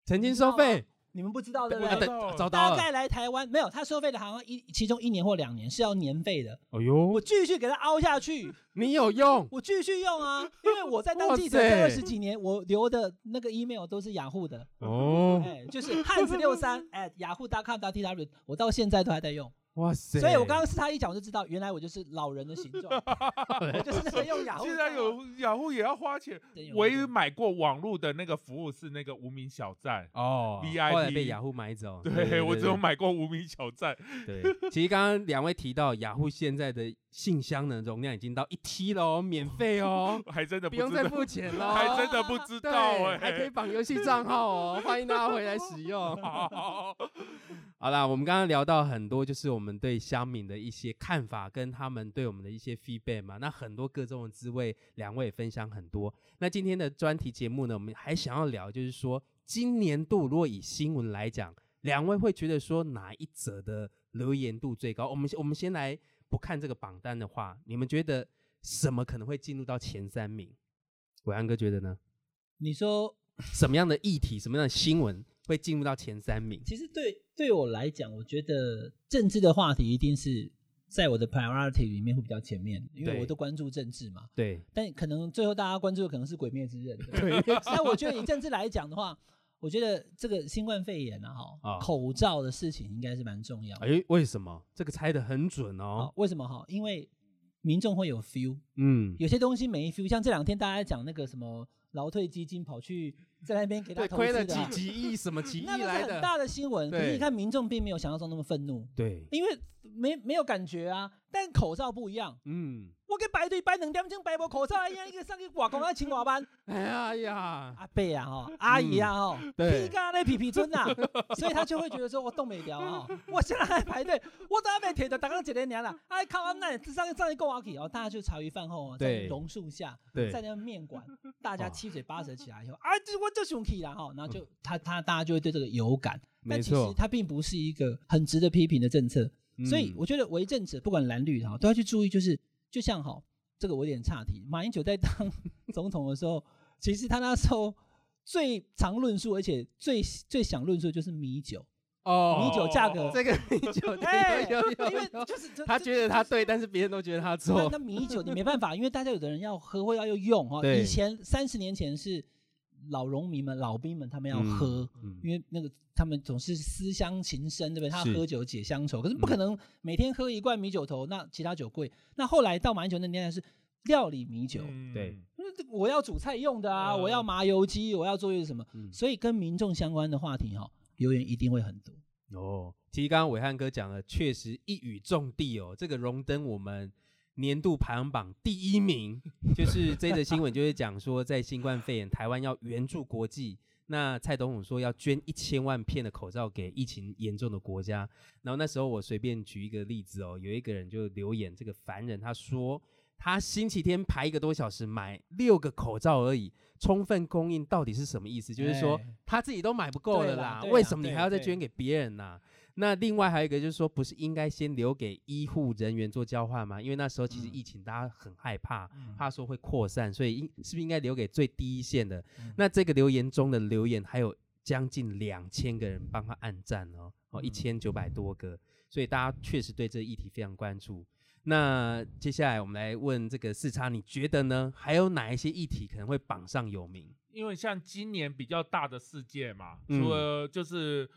曾經收費。你們不知道的，對對啊，大概來台灣沒有，他收費的，好像一其中一年或兩年是要年費的。哎、呦，我繼續給他凹下去，你有用，我繼續用啊，因為我在當記者這二十幾年，我留的那個 email 都是雅虎的哦，哎，就是漢字六三 at 雅虎 dot com dot tw，我到現在都還在用。哇塞！所以我剛剛是他一講我就知道原來，我就是老人的形狀，我就是那個用雅虎。現在有雅虎也要花錢。唯一買過網絡的那個服務是那個無名小站哦，VIP，後來被雅虎買走。對，我只有買過無名小站。對，其實剛剛兩位提到雅虎現在的信箱的容量已經到一 T 嘍，免費哦，還真的不用再付錢了，還真的不知道哎，還可以綁遊戲賬號哦，歡迎大家回來使用。好。好了，我們剛剛聊到很多，就是我們對鄉民的一些看法跟他們對我們的一些 feedback 嘛。那很多各種的滋味，兩位也分享很多。那今天的專題節目呢，我們還想要聊，就是說今年度如果以新聞來講，兩位會覺得說哪一則的留言度最高？我們我們先來不看這個榜單的話，你們覺得什麼可能會進入到前三名？暐瀚哥覺得呢？你說什麼樣的議題，什麼樣的新聞？會進入到前三名。其實對對我來講，我覺得政治的話題一定是在我的 priority 裡面會比較前面，因為我都關注政治嘛。對。但可能最後大家關注的可能是《鬼滅之刃》對，對。對 但我覺得以政治來講的話，我覺得這個新冠肺炎啊，啊口罩的事情應該是蠻重要。哎，為什麼？這個猜得很準哦。啊，為什麼哈？因為民眾會有 feel，嗯，有些東西沒 feel，像這兩天大家講那個什麼。勞退基金跑去在那邊給他投資的、啊，虧了幾幾億什麼幾億來的， 那個是很大的新聞。對可是你看民眾並沒有想象中那麼憤怒，對，因為沒沒有感覺啊。但口罩不一樣，嗯我給排隊排兩點鐘，排無口罩，哎呀，一個上去外公啊，清華班，哎呀阿伯啊，吼，阿姨啊，吼，屁咖咧皮皮村吶，所以他就會覺得說我凍未條哦，我現在還排隊，我都還沒貼着，剛剛幾多年了，哎，考完上上一個高考大家就茶餘飯後啊，在榕樹下，在那麵館，大家七嘴八舌起來以後，啊，就我就喜歡 K 啦。哈，然後就他他大家就會對這個有感，但其實，他並不是一個很值得批評的政策，所以我覺得為政者，不管藍綠哈，都要去注意，就是。就像哈，這個我有點岔題。馬英九在當總統的時候，其實他那時候最常論述，而且最最想論述的就是米酒哦，oh, 米酒價格這個米酒， 對對，因為就是他覺得他對，就是、但是別人都覺得他錯。那米酒你沒辦法， 因為大家有的人要喝會要用哈，對 以前三十年前是。老農民們、老兵們，他們要喝，嗯嗯、因為那個他們總是思鄉情深，對不對？他要喝酒解鄉愁，是可是不可能每天喝一罐米酒頭，嗯，那其他酒貴。嗯、那後來到馬英九那年代是料理米酒，嗯、對，那我要煮菜用的啊，啊我要麻油雞，我要做些什麼，嗯、所以跟民眾相關的話題哈、哦，留言一定會很多。哦，其實剛剛暐瀚哥講的確實一語中的哦，這個榮登我們。年度排行榜第一名， 就是這則新聞，就是講說在新冠肺炎，台灣要援助國際。那蔡總統說要捐一千萬片的口罩給疫情嚴重的國家。然後那時候我隨便舉一個例子哦，有一個人就留言，這個凡人他說，他星期天排一個多小時買六個口罩而已，充分供應到底是什麼意思？對就是說他自己都買不夠了啦，啦啊、為什麼你還要再捐給別人呢、啊？對對對那另外還有一個就是說，不是應該先留給醫護人員做交換嗎？因為那時候其實疫情大家很害怕，嗯、怕說會擴散，所以應是不是應該留給最低一線的？嗯、那這個留言中的留言還有將近兩千個人幫他按讚哦，哦一千九百多個，所以大家確實對這個議題非常關注。那接下來我們來問這個四叉，你覺得呢？還有哪一些議題可能會榜上有名？因為像今年比較大的事件嘛，除了就是。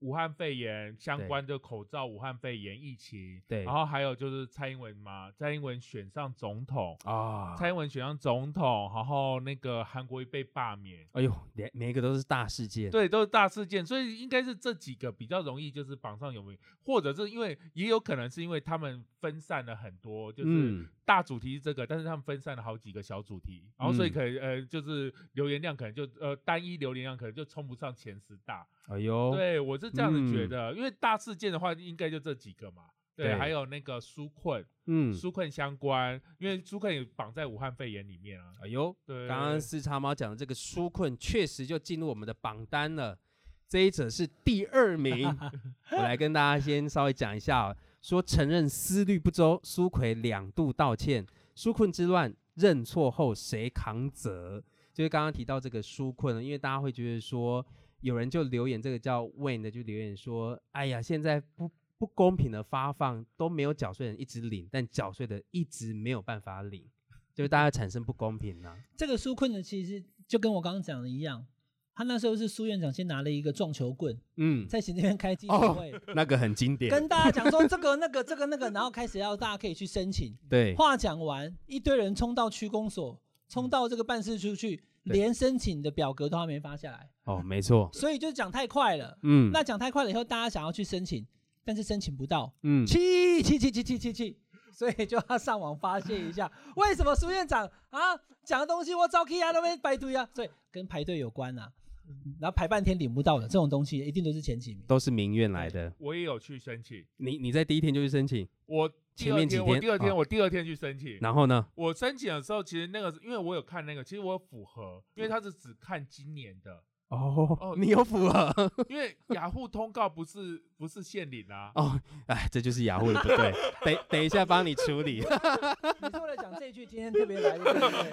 武漢肺炎相關的口罩，武漢肺炎疫情，對，然後還有就是蔡英文嘛，蔡英文選上總統啊，哦、蔡英文選上總統，然後那個韓國瑜被罷免，哎呦，連，每一個都是大事件，對，都是大事件，所以應該是這幾個比較容易就是榜上有名，或者是因為也有可能是因為他們分散了很多，就是大主題是這個，嗯、但是他們分散了好幾個小主題，然後所以可能呃就是留言量可能就呃單一留言量可能就衝不上前十大。哎呦，對，我是這樣子覺得，嗯、因為大事件的話，應該就這幾個嘛。對，對還有那個紓困嗯，紓困相關，因為紓困也綁在武漢肺炎裡面啊。哎呦，剛剛對四叉貓講的這個紓困確實就進入我們的榜單了。這一者是第二名， 我來跟大家先稍微講一下哦， 說承認思慮不周，蘇揆兩度道歉，紓困之亂認錯後誰扛責？就是剛剛提到這個紓困呢，因為大家會覺得說。有人就留言，這個叫 Wayne 的就留言說：“哎呀，現在不不公平的發放，都沒有繳稅人一直領，但繳稅的一直沒有辦法領，就是大家產生不公平呢、啊。”這個紓困的其實就跟我剛剛講的一樣，他那時候是蘇院長先拿了一個撞球棍，嗯，在行政院開記者會、哦，那個很經典，跟大家講說這個、那個、這個、那個，然後開始要大家可以去申請。對，話講完，一堆人衝到區公所，衝到這個辦事處去。對連申請的表格都還沒發下來哦，沒錯，所以就是講太快了，嗯，那講太快了以後，大家想要去申請，但是申請不到，嗯，氣氣氣氣氣氣氣，所以就要上網發洩一下。 為什麼蘇院長啊講的東西我照 K 啊都沒排隊啊，所以跟排隊有關吶、啊。然後排半天領不到的這種東西，一定都是前幾名，都是名媛來的。我也有去申請。你你在第一天就去申請？我前面幾天，我第二天，哦、我第二天去申請。然後呢？我申請的時候，其實那個，因為我有看那個，其實我有符合，因為他是只看今年的。嗯哦、oh, oh, 你有福了，因為雅虎、ah、通告不是不是現領啊。哦，哎，這就是雅虎的不對。 等等一下，幫你處理。 你是為了講這一句今天特別來？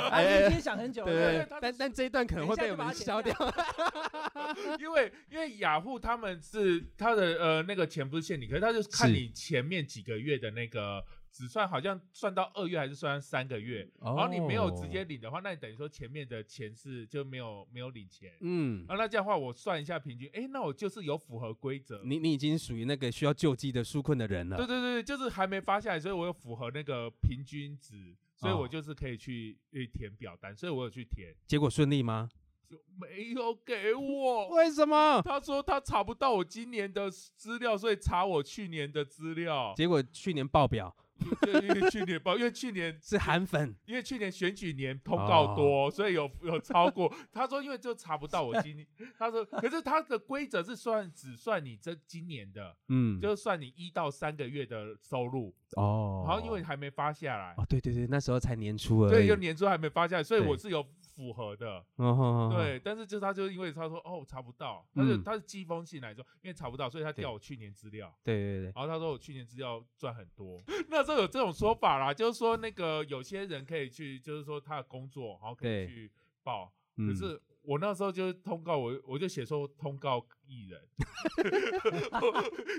哎，天、 啊、想很久了。因為但但這一段可能會被我們消掉，掉 因。因為因為雅虎他們是他的呃那個錢不是現領，可是他就看你前面幾個月的那個。只算好像算到二月還是算三個月，oh, 然後你沒有直接領的話，那你等於說前面的錢是就沒有沒有領錢，嗯，然後那這樣的話我算一下平均，哎、欸，那我就是有符合規則，你你已經屬於那個需要救濟的紓困的人了，對對對就是還沒發下來，所以我有符合那個平均值，所以我就是可以去填表單，所以我有去填，哦、結果順利嗎？就沒有給我，為什麼？他說他查不到我今年的資料，所以查我去年的資料，結果去年報表。對， 因為去年報，因為去年是韓粉，因為去年選舉年通告多，oh. 所以有有超過。 他說，因為就查不到我今年， 他說，可是他的規則是算只算你這今年的，嗯，就是算你一到三個月的收入哦，oh. 然後因為還沒發下來哦，oh. 對對對，那時候才年初而已，對，就年初還沒發下來，所以我是有。符合的，oh, oh, oh, 對，但是就他就因為他說哦，我查不到，他就、嗯、他是寄封信來說，因為查不到，所以他調我去年資料。對對對。對對對，然後他說我去年資料賺很多，那時候有這種說法啦，就是說那個有些人可以去，就是說他的工作，然後可以去報，對可是我那時候就通告我，我就寫說通告藝人，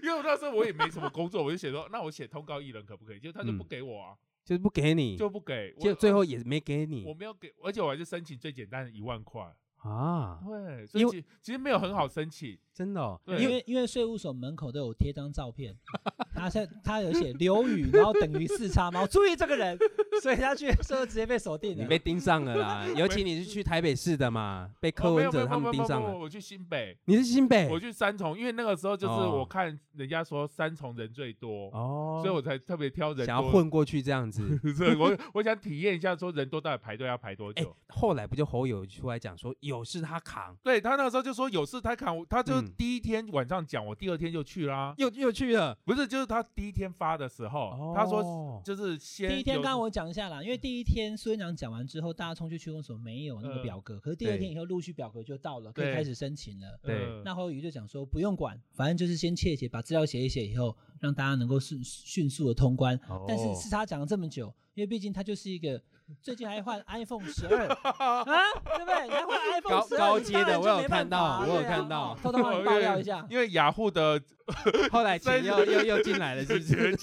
因為我那時候我也沒什麼工作，我就寫說那我寫通告藝人可不可以？就他就不給我啊。嗯就不給你，就不給，就最後也沒給你，啊。我沒有給，而且我還是申請最簡單的一萬塊啊。對，申請其，為其實沒有很好申請，真的，哦對因。因為因為稅務所門口都有貼張照片， 他他有寫劉宇， 然後等於四叉貓，我注意這個人。所以他去的時候直接被鎖定，你被盯上了啦。 尤其你是去台北市的嘛，被柯，哦，被柯文哲他們盯上了，我去新北。你是新北？我去三重，因為那個時候就是我看人家說三重人最多，哦，所以我才特別挑人，想要混過去這樣子， 所以我我想體驗一下說人多到底排隊要排多久，哎。後來不就侯友出來講說有事他扛，對，他那個時候就說有事他扛，他就第一天晚上講，我第二天就去啦，又又，嗯，去了。不是，就是他第一天發的時候，哦，他說就是先第一天剛，剛我講。等下因為第一天蘇院長講完之後，大家衝去區公所沒有那個表格，可是第二天以後陸續表格就到了，可以開始申請了。對，那侯宇就講說不用管，反正就是先切一寫，把資料寫一寫，以後讓大家能夠迅迅速的通關。但是是他講了這麼久，因為畢竟他就是一個。最近還換 iPhone 十二啊，對不對？還換 iPhone 十二，高高階的，我有看到，我有看到，偷偷爆料一下。因為雅虎的後來錢又又又進來了，是不是？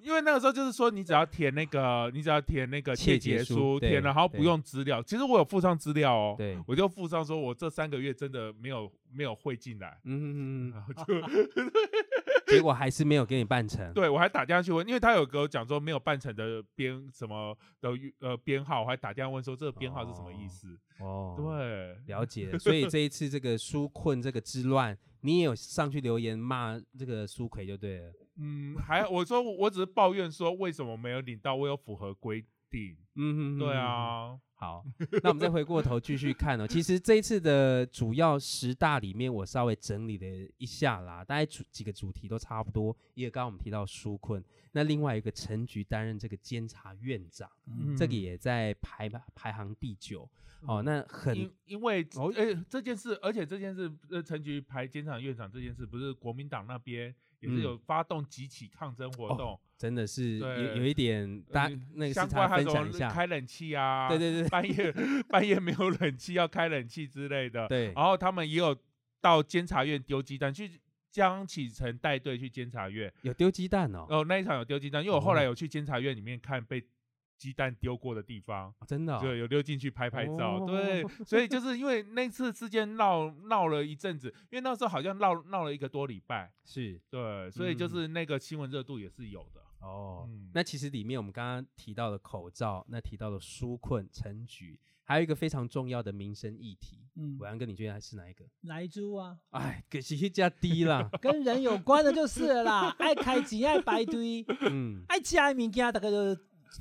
因為那個時候就是說，你只要填那個，你只要填那個切結書，填了然後不用資料。其實我有附上資料哦，我就附上說，我這三個月真的沒有。沒有匯進來，嗯嗯嗯，然後就、啊、 結果還是沒有給你辦成。對，我還打電話去問，因為他有跟我講說沒有辦成的編什麼的呃、編號，我還打電話問說這個編號是什麼意思？哦，哦對，了解。所以這一次這個紓困 這個之亂，你也有上去留言罵這個蘇揆就對了。嗯，還我說我只是抱怨說為什麼沒有領到，我有符合規定。嗯嗯，對啊。嗯 好，那我們再回過頭繼續看哦。其實這一次的主要十大裡面，我稍微整理了一下啦，大概主幾個主題都差不多。一個剛剛我們提到紓困，那另外一個陳菊擔任這個監察院長，嗯嗯、這個也在排排行第九。哦，嗯、那很因,因為哦，哎，這件事，而且這件事，呃、陳菊排監察院長這件事，不是國民黨那邊也是有發動幾起抗爭活動。嗯哦真的是有對有，有一點，大、呃、那個相關，開冷氣啊？對對對，半夜 半夜沒有冷氣要開冷氣之類的。對，然後他們也有到監察院丟雞蛋，去江啟臣帶隊去監察院，有丟雞蛋哦。哦、呃，那一場有丟雞蛋，因為我後來有去監察院裡面看被。雞蛋丟過的地方，真的對，有丟進去拍拍照，對，所以就是因為那次事件鬧鬧了一陣子，因為那時候好像鬧鬧了一個多禮拜，是對,所以就是那個新聞熱度也是有的哦。那其實裡面我們剛剛提到的口罩，那提到的紓困、陳菊，還有一個非常重要的民生議題，暐瀚哥，你覺得是哪一個？萊豬啊？哎，可惜加低了，跟人有關的就是啦，愛開機愛白堆，嗯，愛吃愛物件，大概就。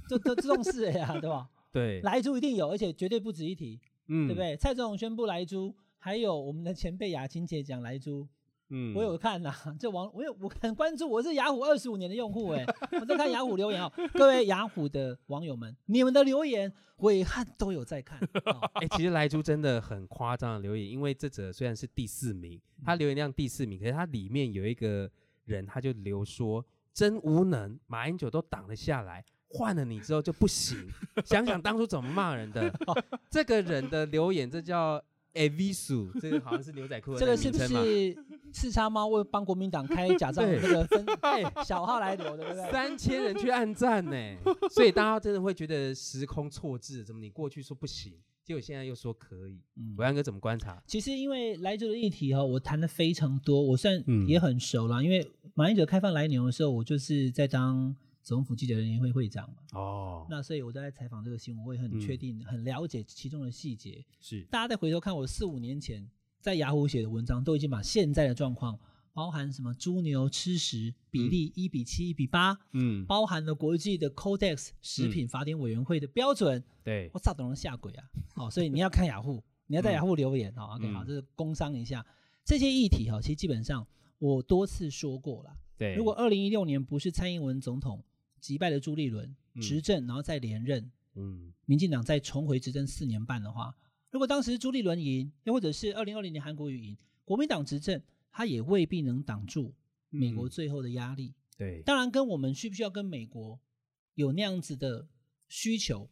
這都 這種事呀、欸啊，對吧？對，萊豬一定有，而且絕對不值一提，嗯，對不對？蔡總宣布萊豬，還有我們的前輩雅琴姐講萊豬。嗯我、啊，我有看吶，這網我有我很關注，我是雅虎二十五年的用戶哎、欸， 我在看雅虎留言哦、喔， 各位雅虎的網友們，你們的留言暐瀚都有在看，哎、喔欸，其實萊豬真的很誇張的留言，因為這則雖然是第四名，他留言量第四名，可是他裡面有一個人他就留說真無能，馬英九都擋了下來。換了你之後就不行， 想想當初怎麼罵人的。 這個人的留言，這叫 Avisu，這個好像是牛仔褲。這個是不是四叉貓為幫國民黨開假賬那個分 小號來留的，對不對？三千人去按讚呢，所以大家真的會覺得時空錯置。怎麼你過去說不行，結果現在又說可以？嗯、暐瀚哥怎麼觀察？其實因為萊牛的議題、喔、我談得非常多，我算也很熟了。嗯、因為馬英九開放萊牛的時候，我就是在當，總統府記者聯誼會會長哦，那所以我在採訪這個新聞，我也很確定、嗯、很了解其中的細節。是，大家再回頭看我四五年前在雅虎寫的文章，都已經把現在的狀況，包含什麼豬牛吃食比例一比七、一比八，嗯，包含了國際的 Codex 食品法典委員會的標準。嗯、對，我操，都能下鬼啊！哦，所以你要看雅虎，你要在雅虎、ah、留言哦、嗯。OK，好，這、就是工商一下這些議題哈，其實基本上我多次說過了。對如果二零一六年不是蔡英文總統，擊敗了朱立倫、嗯、執政，然後再連任，嗯、民進黨再重回執政四年半的話，如果當時朱立倫贏，又或者是二零二零年韓國瑜贏，國民黨執政，他也未必能擋住美國最後的壓力、嗯。對，當然跟我們需不需要跟美國有那樣子的需求，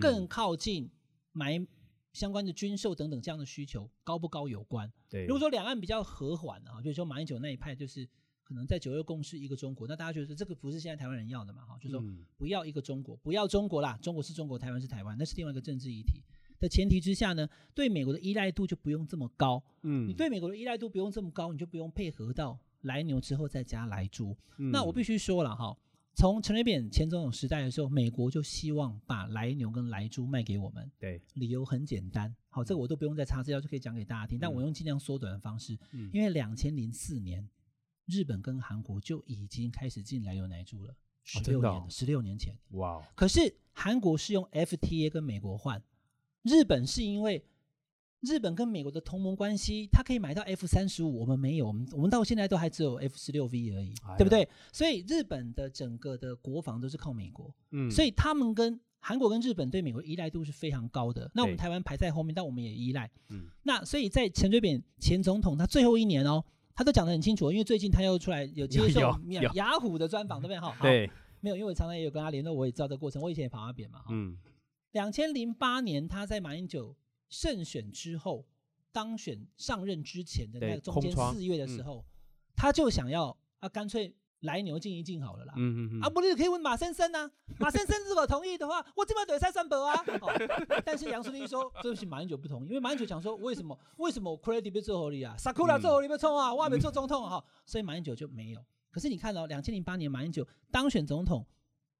更靠近買相關的軍售等等這樣的需求高不高有關。對，如果說兩岸比較和緩啊，就是說馬英九那一派就是。可能在九二共識一個中國，那大家覺得這個不是現在台灣人要的嘛？哈、哦，就是、說不要一個中國，不要中國啦，中國是中國，台灣是台灣，那是另外一個政治議題的前提之下呢，對美國的依賴度就不用這麼高。嗯，你對美國的依賴度不用這麼高，你就不用配合到萊牛之後再加萊豬。嗯、那我必須說了哈、哦，從陳水扁、前總統時代的時候，美國就希望把萊牛跟萊豬賣給我們。對，理由很簡單，好，這個我都不用再查資料就可以講給大家聽，但我用儘量縮短的方式，嗯、因為兩千零四年。日本跟韓國就已經開始進來有萊豬了，十六年，十六年前。哇！可是韓國是用 FTA 跟美國換，日本是因為日本跟美國的同盟關係，它可以買到 F 三十五，我們沒有，我們我們到現在都還只有 F 十六 V 而已，對不對？所以日本的整個的國防都是靠美國，嗯，所以他們跟韓國跟日本對美國依賴度是非常高的。那我們台灣排在後面，但我們也依賴，嗯。那所以在陳水扁前總統他最後一年哦。他都講得很清楚，因為最近他又出來有接受有有有雅虎的專訪，對不對？哈，對，沒有，因為我常常也有跟他聯絡，我也知道這個過程。我以前也跑那邊嘛，嗯，兩千零八年他在馬英九勝選之後當選上任之前的那個中間四月的時候，嗯、他就想要啊，乾脆。來牛靜一靜好了啦，嗯、哼哼啊，不，你可以問馬先生啊。馬先生如果同意的話， 我這邊對三三不啊。哦、但是楊書記說，對 不起，馬英九不同意，因為馬英九講說，為什麼？ 為什麼我 credit 不做合理啊？Sakura 做合理不衝啊？嗯、我還沒做總統哈、啊哦，所以馬英九就沒有。可是你看到二千零八年馬英九當選總統，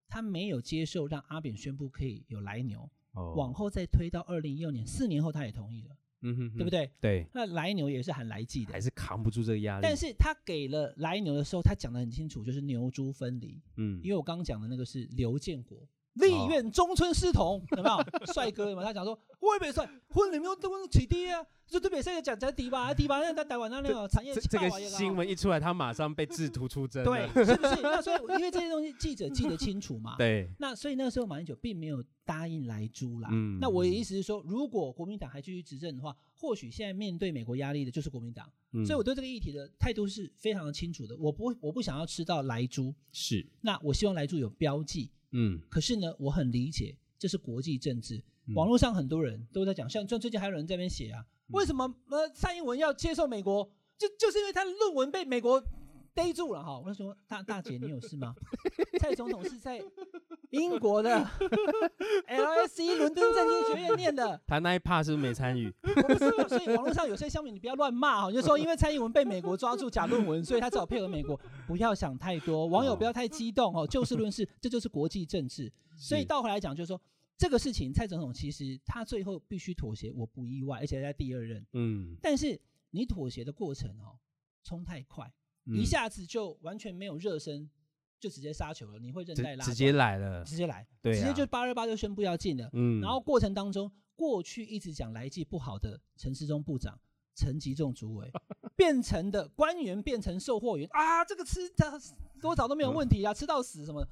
他沒有接受讓阿扁宣布可以有萊牛，哦、往後再推到二零一六年，四年後他也同意了。嗯哼， 對不對？對，那萊牛也是很來勁的，還是扛不住這個壓力。但是他給了萊牛的時候，他講得很清楚，就是牛豬分離。嗯，因為我剛講的那個是劉建國。立院中村司同有沒有帥哥嘛？他講說，我也沒帥。婚禮沒有燈光起跌啊，就東北賽的講才第吧第吧那在台灣那個產業，這個新聞一出來，他馬上被制圖出征了，對，是不是？那所以，因為這些東西記者記得清楚嘛？對。那所以那個時候馬英九並沒有答應萊豬啦。嗯。那我的意思是說，如果國民黨還繼續執政的話，或許現在面對美國壓力的就是國民黨。嗯。所以我對這個議題的態度是非常的清楚的。我不，我不想要吃到萊豬。是。那我希望萊豬有標記。嗯，可是呢，我很理解，這是國際政治。嗯，網絡上很多人都在講，像最最近還有人在那邊寫啊，嗯，為什麼呃蔡英文要接受美國？就就是因為他的論文被美國。逮住了哈！我說大大姐，你有事嗎？ 蔡總統是在英國的 L S E 倫敦政經學院念的。他那一趴是不是沒參與？我不是，所以網絡上有些鄉民你不要亂罵哦，就是、說因為蔡英文被美國抓住假論文，所以他只好配合美國。不要想太多，網友不要太激動哦、喔，就事、是、論事，這就是國際政治。所以倒回來講，就是說這個事情，蔡總統其實他最後必須妥協，我不意外，而且在第二任。嗯。但是你妥協的過程哦、喔，衝太快。一下子就完全沒有熱身，嗯、就直接殺球了。你會韌帶拉，直接來了，直接來，對、啊，直接就八二八就宣布要進了。嗯，然後過程當中，過去一直講萊劑不好的陳時中部長、陳吉仲主委，變成的官員變成售貨員 啊，這個吃他多少都沒有問題啊，嗯、吃到死什麼的？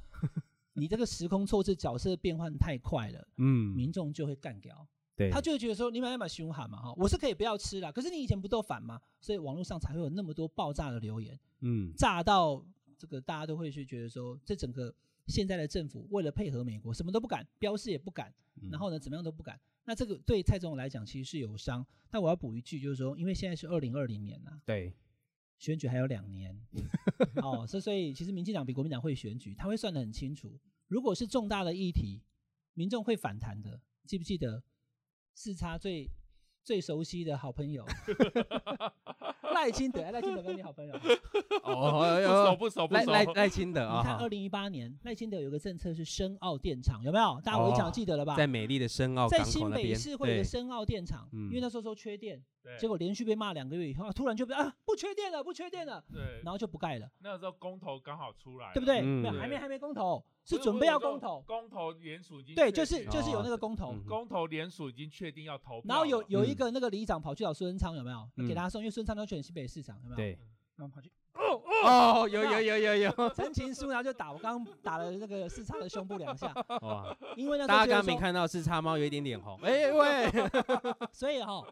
你這個時空錯置、角色變換太快了，嗯，民眾就會幹掉。對他就會覺得說，你們要買凶喊嘛哈、哦，我是可以不要吃啦，可是你以前不都反嗎？所以網絡上才會有那麼多爆炸的留言，嗯，炸到這個大家都會去覺得說，這整個現在的政府為了配合美國，什麼都不敢，標示也不敢，然後呢怎麼樣都不敢。那這個對蔡總統來講其實是有傷，但我要補一句就是說，因為現在是二零二零年吶，對，選舉還有兩年， 哦，所以所以其實民進黨比國民黨會選舉，他會算得很清楚，如果是重大的議題，民眾會反彈的，記不記得？四叉最最熟悉的好朋友賴清德，賴清德跟你好朋友，不熟不熟不熟，賴賴清德，你看二零一八年賴清德有個政策是深澳電廠有沒有？大家我講記得了吧？在美麗的深澳，在新北市會的深澳電廠，因為那時候說缺電，結果連續被罵兩個月以後，突然就變啊不缺電了，不缺電了，然後就不蓋了。那時候公投剛好出來，對不對？沒有，還沒還沒公投。是準備要公投，公投聯署已經對，就是就是有那個公投，公投聯署已經確定要投。然後有有一個那個里長跑去找孫昌有沒有？給他送，因為孫昌要選新北市長有沒有？對，然後跑去哦哦，有有有有有，陳情書，然後就打，我剛剛打了那個四叉的胸部兩下，哇！因為大家剛剛沒看到四叉貓有一點臉紅，欸喂！所以哈，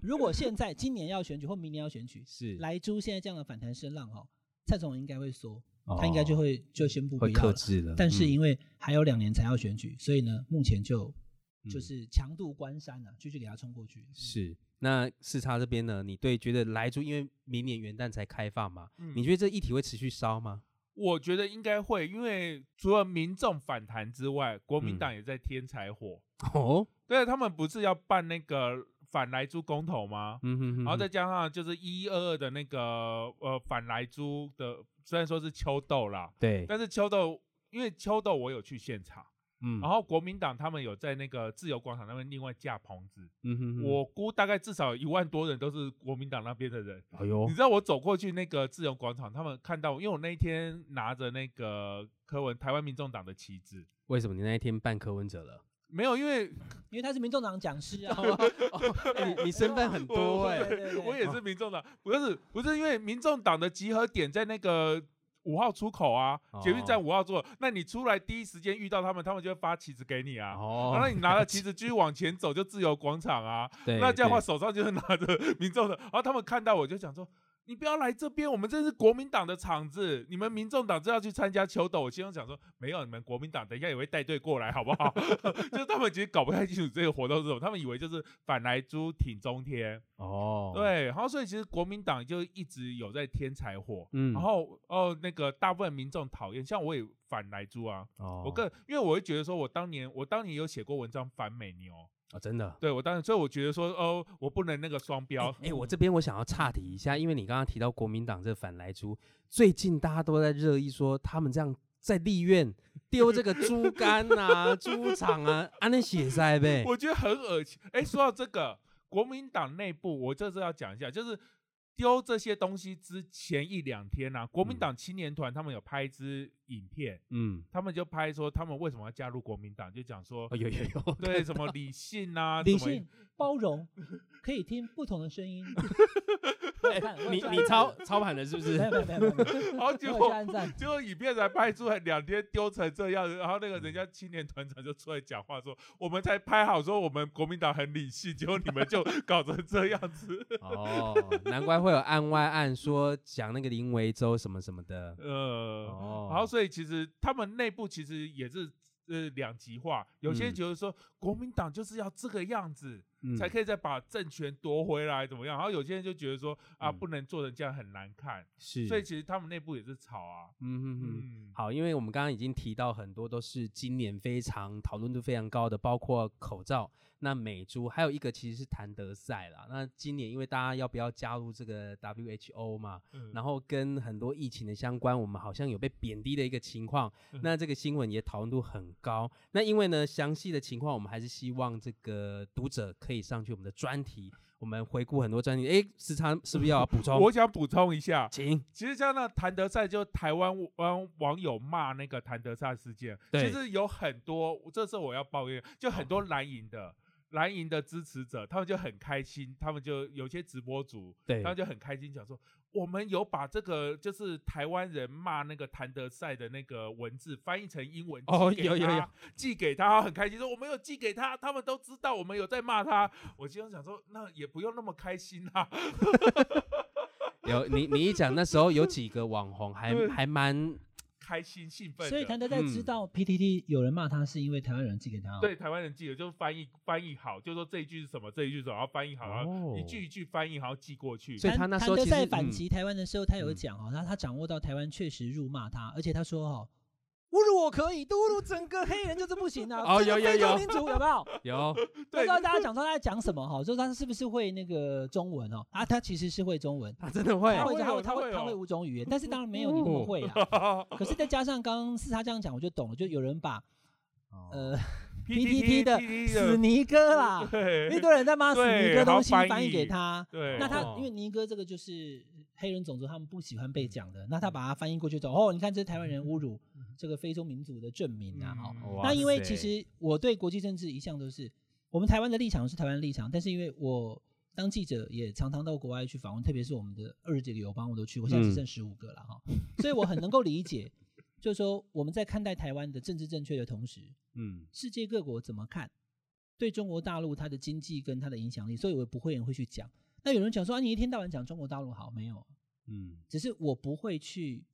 如果現在今年要選舉或明年要選舉，是萊豬現在這樣的反彈聲浪哦，蔡總應該會說。他應該就會就先不會克制了，但是因為還有兩年才要選舉，嗯、所以呢，目前就就是強渡關山了，啊，繼、嗯、續給他衝過去。是那四叉這邊呢？你對，覺得萊豬因為明年元旦才開放嘛？嗯、你覺得這議題會持續燒嗎？我覺得應該會，因為除了民眾反彈之外，國民黨也在添柴火。嗯、哦，對，他們不是要辦那個反萊豬公投嗎？嗯哼哼，然後再加上就是一一二二的那個呃反萊豬的。雖然說是秋鬥啦，對，但是秋鬥，因為秋鬥我有去現場，嗯，然後國民黨他們有在那個自由廣場那邊另外架棚子，嗯哼,哼，我估大概至少一萬多人都是國民黨那邊的人，哎呦，你知道我走過去那個自由廣場，他們看到，因為我那一天拿着那個柯文台灣民眾黨的旗幟，為什麼你那一天扮柯文哲了？沒有，因為因為他是民眾黨講師啊，你你身份很多啊。我也是民眾黨，哦、不是不是因為民眾黨的集合點在那個五號出口啊，哦、捷運站五號出口。那你出來第一時間遇到他們，他們就會發旗子給你啊。哦、然後你拿了旗子繼續往前走，就自由廣場啊。對對那這樣的話手上就是拿着民眾的，然後他們看到我就想說。你不要來這邊，我們這是國民黨的場子，你們民眾黨就要去參加秋鬥。我心中想說，沒有你們國民黨，等一下也會帶隊過來，好不好？ 就他們其實搞不太清楚這個活動是什麼，他們以為就是反萊豬挺中天哦，對，然後所以其實國民黨就一直有在添柴火，嗯，然後哦、呃、那個大部分民眾討厭，像我也反萊豬啊，哦、我更因為我會覺得說我，我當年我當年有寫過文章反美牛。啊，oh, 真的，對我當時，所以我覺得說，哦，我不能那個雙標。哎，哎，我這邊我想要岔題一下，因為你剛剛提到國民黨這反萊豬最近大家都在熱議說他們這樣在立院丟這個豬肝啊、 豬腸啊，安那血塞唄。我覺得很噁心。哎，說到這個國民黨內部，我這次要講一下，就是丟這些東西之前一兩天吶、啊，國民黨青年團他們有拍一支。影片，嗯，他們就拍說他們為什麼要加入國民黨，就講說哎呦呦呦，對什麼理性啊，理性包容，可以聽不同的聲音。你你操操盤了是不是？沒有沒有沒有沒有。好久，最後影片才拍出來，兩天丟成這樣，然後那個人家青年團長就出來講話說，我們才拍好說我們國民黨很理性，結果你們就搞成這樣子。哦，難怪會有案外案說講那個林為洲什麼什麼的。呃，哦，好。所以其實他們內部其實也是呃兩極化，有些就是說、嗯、國民黨就是要這個樣子。才可以再把政權奪回來，怎麼樣？然後有些人就覺得說啊，嗯、不能做成這樣很難看，是。所以其實他們內部也是吵啊。嗯嗯嗯。好，因為我們剛剛已經提到很多都是今年非常討論度非常高的，包括口罩，那美豬，還有一個其實是譚德賽啦，那今年因為大家要不要加入這個 WHO 嘛，嗯、然後跟很多疫情的相關，我們好像有被貶低的一個情況。那這個新聞也討論度很高。嗯、那因為呢，詳細的情況我們還是希望這個讀者可以。可以上去我們的專題，我們回顧很多專題。哎，時常是不是要補充？ 我想補充一下，請。其實像那譚德賽，就台灣網網友罵那個譚德賽事件，對其實有很多。這是我要抱怨，就很多藍營的、哦、藍營的支持者，他們就很開心，他們就有些直播組，對，他們就很開心，講說。我們有把這個就是台灣人罵那個譚德塞的那個文字翻譯成英文哦，有有有，寄給他，很開心，說我們有寄給他，他們都知道我們有在罵他。我經常想說，那也不用那麼開心啊。 有你你一講，那時候有幾個網紅還還蠻。開心興奮，所以譚德塞知道 PTT 有人罵他，是因為台灣人寄給他、嗯。對，台灣人寄的，就翻譯翻譯好，就說這一句是什麼，這一句怎麼然後翻譯好，然後一句一句翻譯好寄過去、哦。所以他那時候在反擊台灣的時候，他有講哦，嗯、他他掌握到台灣確實辱罵他，而且他說哦。侮辱我可以，都侮辱整個黑人就是不行啊！整個非洲民族有沒有？有。不知道大家講說他在講什麼哈？就是他是不是會那個中文哦？啊，他其實是會中文，他真的會。他會他會，他會五種語言，但是當然沒有你那麼會啊。可是再加上剛剛是他這樣講，我就懂了，就有人把呃 PTT 的死尼哥啦，一堆人在罵死尼哥東西翻譯給他。對。那他因為尼哥這個就是。黑人種族他們不喜歡被講的，嗯、那他把它翻譯過去走哦，你看這台灣人侮辱這個非洲民族的證明啊！嗯喔、那因為其實我對國際政治一向都是我們台灣的立場是台灣立場，但是因為我當記者也常常到國外去訪問，特別是我們的二十幾個友邦，我都去過，我現在只剩十五個了哈、嗯，所以我很能夠理解，就是說我們在看待台灣的政治正確的同時，嗯，世界各國怎麼看對中國大陸它的經濟跟它的影響力，所以我不會人會去講。那有人講說啊，你一天到晚講中國大陸好，沒有，嗯，只是我不會去，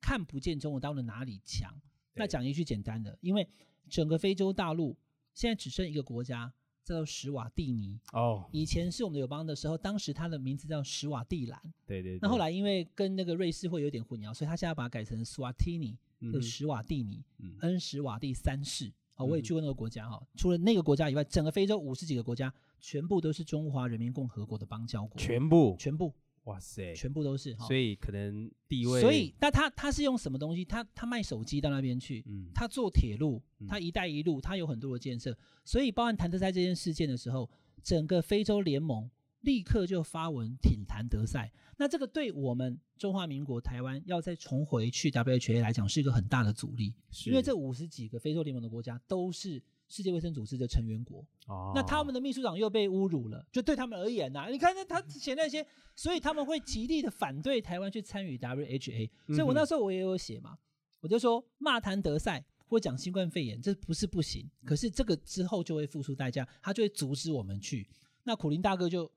看不見中國大陸哪裡強。那講一句簡單的，因為整個非洲大陸現在只剩一個國家，叫做史瓦蒂尼哦。以前是我們的友邦的時候，當時他的名字叫史瓦蒂蘭，對對。那後來因為跟那個瑞士會有點混淆，所以他現在把它改成 Swatini，就史瓦蒂尼，恩史瓦蒂三世。哦，我也去過那個國家哈。除了那個國家以外，整個非洲五十幾個國家。全部都是中華人民共和國的邦交國，全部，全部，哇塞，全部都是哈。所以可能地位，所以，但他他是用什麼東西？他他賣手機到那邊去，嗯、他做鐵路，他一帶一路，嗯、他有很多的建設。所以，包含譚德塞這件事件的時候，整個非洲聯盟立刻就發文挺譚德塞。那這個對我們中華民國台灣要再重回去 W H A 來講，是一個很大的阻力，是因為這五十幾個非洲聯盟的國家都是。世界衛生組織的成員國，哦、那他們的秘書長又被侮辱了，就對他們而言吶、啊，你看那他寫那些，所以他們會極力的反對台灣去參與 WHA。所以我那時候我也有寫嘛，嗯、哼我就說罵譚德塞或講新冠肺炎，這不是不行，可是這個之後就會付出代價，他就會阻止我們去。那苦苓大哥就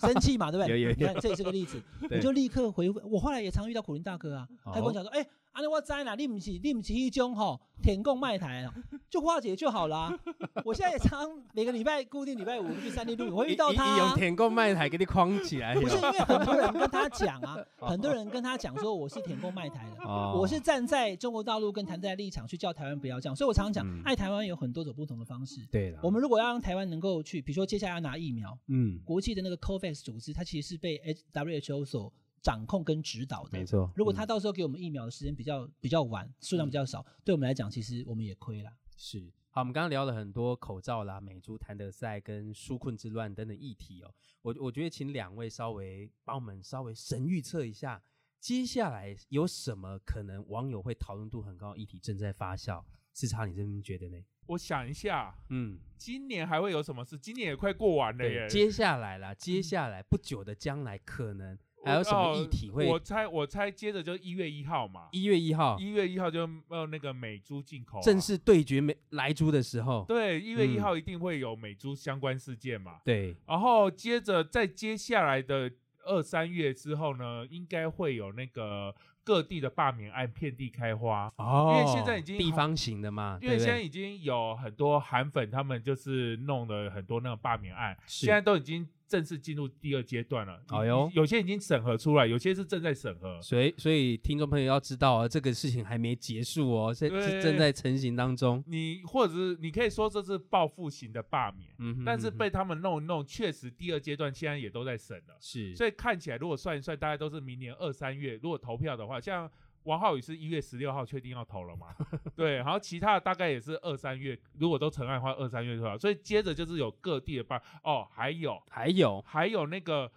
生氣嘛， 對不對？有有有，你看這也是個例子，我 對就立刻回覆。我後來也常遇到苦苓大哥啊，他跟我講說，哎好。欸啊！你我知啦，你不是你不是那種吼舔共賣台哦，就化解就好了、啊。 我現在也常，常每個禮拜固定禮拜五去 三立路，我遇到他你、啊、用舔共賣台給你框起來。不是 因為很多人跟他講啊， 很多人跟他講說我是舔共賣台的，哦、我是站在中國大陸跟台灣的立場去叫台灣不要這樣。所以我常常講，嗯、愛台灣有很多種不同的方式。對了啦，我們如果要讓台灣能夠去，比如說接下來要拿疫苗，嗯，國際的那個 COVAX 組織，它其實是被 H WHO 所。掌控跟指導的，沒錯。嗯、如果他到時候給我們疫苗的時間比較比較晚，數量比較少，嗯、對我們來講，其實我們也虧了。是好，我們剛剛聊了很多口罩啦、美豬、譚德塞跟紓困之亂等等議題哦、喔。我我覺得，請兩位稍微幫我們稍微神預測一下，接下來有什麼可能網友會討論度很高的議題正在發酵？四叉你這邊覺得呢？我想一下，嗯，今年還會有什麼事？今年也快過完了耶。接下來啦，接下來不久的將來可能。還有什麼議題會、呃？我猜，我猜，接着就一月一號嘛。一月一號，一月一號就呃那個美豬進口、啊、正式對決美萊豬的時候。對，一月一號一定會有美豬相關事件嘛。嗯、對，然後接着在接下來的二三月之後呢，應該會有那個各地的罷免案遍地開花哦。因為現在已經地方型的嘛，對對因為現在已經有很多韓粉，他們就是弄了很多那種罷免案，是現在都已經。正式進入第二階段了，有、哎、呦有些已經審核出來，有些是正在審核所，所以所以聽眾朋友要知道啊，這個事情還沒結束哦，現在是正在成型當中。你或者是你可以說這是報復型的罷免，嗯哼嗯哼，但是被他們弄一弄，確實第二階段現在也都在審了，是，所以看起來如果算一算，大概都是明年二三月如果投票的話，像。王浩宇是一月十六號確定要投了嘛？ 對，然後其他的大概也是二三月，如果都成案的話，二三月就好。所以接着就是有各地的辦，哦，還有，還有，還有那個。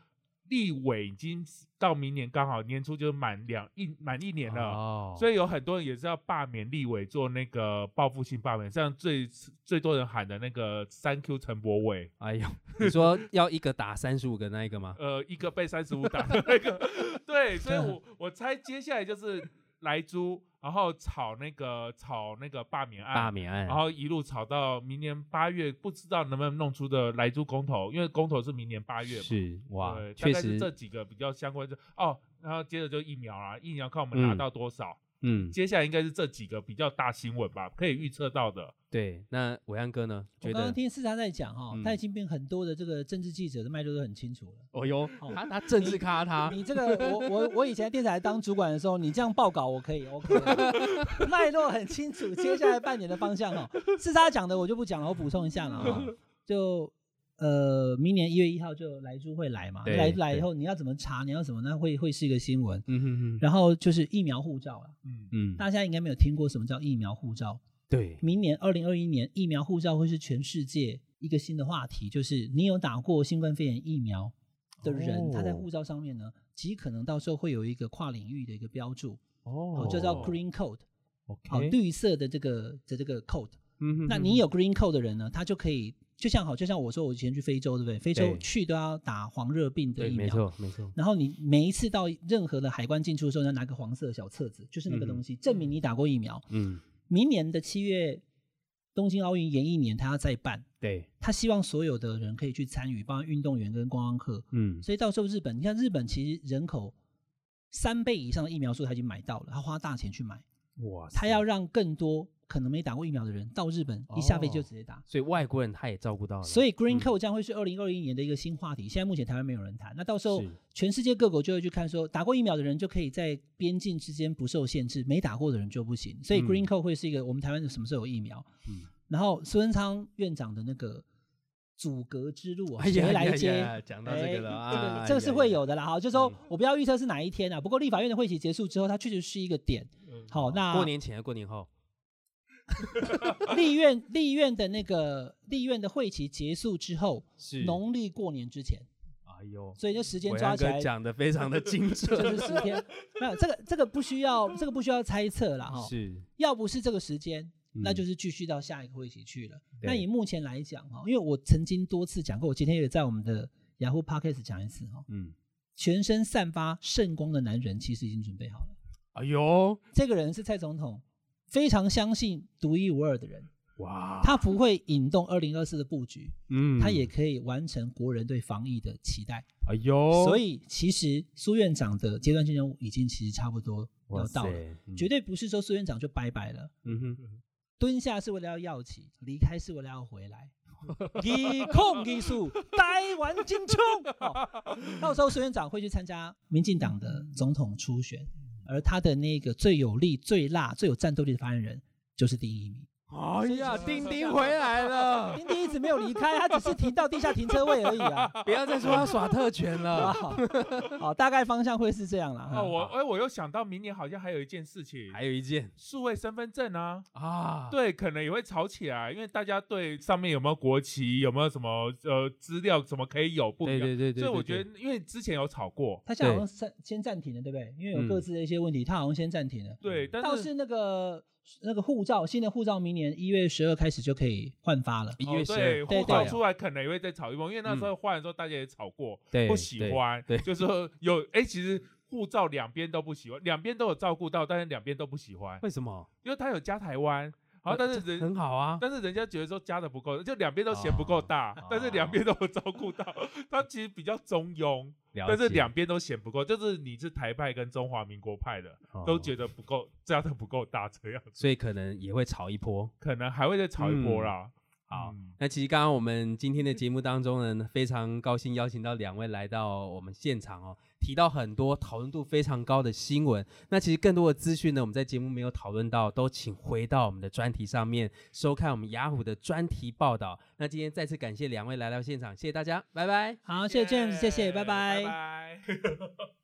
立委已經到明年剛好年初就滿兩一滿一年了，oh. 所以有很多人也是要罷免立委做那個報復性罷免，像最最多人喊的那個三 Q 陳柏惟。哎呦，你說要一個打三十五個那一個嗎？ 呃，一個被三十五打的那個， 對，所以我我猜接下來就是。萊豬，然後炒那個炒那個罷免案，罷免案，然後一路炒到明年八月，不知道能不能弄出的萊豬公投，因為公投是明年八月嘛，是對哇，大概是這幾個比較相關，就確實哦，然後接着就疫苗啊，疫苗看我們拿到多少。嗯嗯，接下來應該是這幾個比較大新聞吧，可以預測到的。對，那暐瀚哥呢？我剛剛聽四叉在講哈，嗯、他已經跟很多的這個政治記者的脈絡都很清楚了。哦喲呦，哦他他政治咖你他你這個我我我以前電視台當主管的時候，你這樣報稿我可以，OK，脈 絡很清楚。接下來半年的方向哈，四叉講的我就不講了，我補充一下了哈，就。呃，明年一月一號就萊豬會來嘛？來來以後，你要怎麼查？你要怎麼？那會會是一個新聞。嗯嗯嗯。然後就是疫苗護照啊。嗯嗯。大家應該沒有聽過什麼叫疫苗護照？對。明年二零二一年，疫苗護照會是全世界一個新的話題，就是你有打過新冠肺炎疫苗的人，他在護照上面呢，極可能到時候會有一個跨領域的一個標注。哦。就叫 Green Code。哦。好，綠色的這個的這個 Code。嗯哼。那你有 Green Code 的人呢，他就可以。就像好，就像我說，我以前去非洲，對不對？非洲去都要打黃熱病的疫苗，沒錯沒錯。沒錯，然後你每一次到任何的海關進出的時候，你要拿個黃色小冊子，就是那個東西，嗯，證明你打過疫苗。嗯。明年的七月，東京奧運延一年，他要再辦。對。他希望所有的人可以去參與，包括運動員跟觀光客。嗯。所以到時候日本，你看日本其實人口三倍以上的疫苗數他已經買到了，他花大錢去買。哇塞。他要讓更多。可能沒打過疫苗的人到日本一下飛機就直接打，所以外國人他也照顧到了。所以 Green Co 這將會是二零二一年的一個新話題。現在目前台灣沒有人談，那到時候全世界各國就會去看，說打過疫苗的人就可以在邊境之間不受限制，沒打過的人就不行。所以 Green Co 會是一個我們台灣什麼時候有疫苗，然後蘇貞昌院長的那個組閣之路誰來接，講到這個了，這個是會有的啦。就說我不要預測是哪一天啊，不過立法院的會期結束之後，它確實是一個點。好，那過年前，過年後。 立院、立院的那個立院的會期結束之後，是農曆過年之前。哎呦，所以這時間抓起來講的非常的精準， 就是十天。 沒有這個這個不需要這個不需要猜測了哈。是，要不是這個時間，嗯、那就是繼續到下一個會期去了。對那以目前來講哈，因為我曾經多次講過，我今天也在我們的 Yahoo Podcast 講一次哈。嗯，全身散發聖光的男人，其實已經準備好了。哎呦，這個人是蔡總統。非常相信獨一無二的人，哇！他不會引動二零二四的布局，嗯，他也可以完成國人對防疫的期待，哎呦！所以其實蘇院長的階段性任務已經其實差不多要到了，嗯、絕對不是說蘇院長就拜拜了，嗯哼，蹲下是為了要，要起，離開是為了要回來，以控 技術待完進鐘，到時候蘇院長會去參加民進黨的總統初選。而他的那個最有力、最辣、最有戰鬥力的發言人，就是第一名。哎呀，哦、車車丁丁回來了，丁丁一直沒有離開，他只是停到地下停車位而已啊！ 不要再說他耍特權了 好好。好，大概方向會是這樣了。嗯、啊，我哎，我又想到明年好像還有一件事情，還有一件，數位身份證啊啊！對，可能也會吵起來，因為大家對上面有沒有國旗，有沒有什麼呃資料，什麼可以有不？對對，對對對對。所以我覺得，因為之前有吵過，對他現在好像先先暫停了，對不對？因為有各自的一些問題，嗯、他好像先暫停了。對，但是倒是那個。那個護照，新的護照明年一月十二開始就可以換發了12、哦，一月十二，護照出來可能也會再炒一波，對對對，哦、因為那時候換的時候大家也炒過，嗯、不喜歡，對對對，就是說有哎、欸，其實護照兩邊都不喜歡，兩邊都有照顧到，但是兩邊都不喜歡。為什麼？因為他有加台灣。啊，但是人很好啊，但是人家覺得說加的不夠，就兩邊都嫌不夠大，哦、但是兩邊都有照顧到，哦、他其實比較中庸，了解，但是兩邊都嫌不夠，就是你是台派跟中華民國派的、哦、都覺得不夠，加的不夠大這樣子，所以可能也會吵一波，可能還會再吵一波啦。嗯好，那其實剛剛我們今天的節目當中呢，嗯、非常高興邀請到兩位來到我們現場哦，提到很多討論度非常高的新聞。那其實更多的資訊呢，我們在節目沒有討論到，都請回到我們的專題上面收看我們雅虎的專題報道。那今天再次感謝兩位來到現場，謝謝大家，拜拜。好，謝謝 yeah, James，謝謝，拜拜。拜拜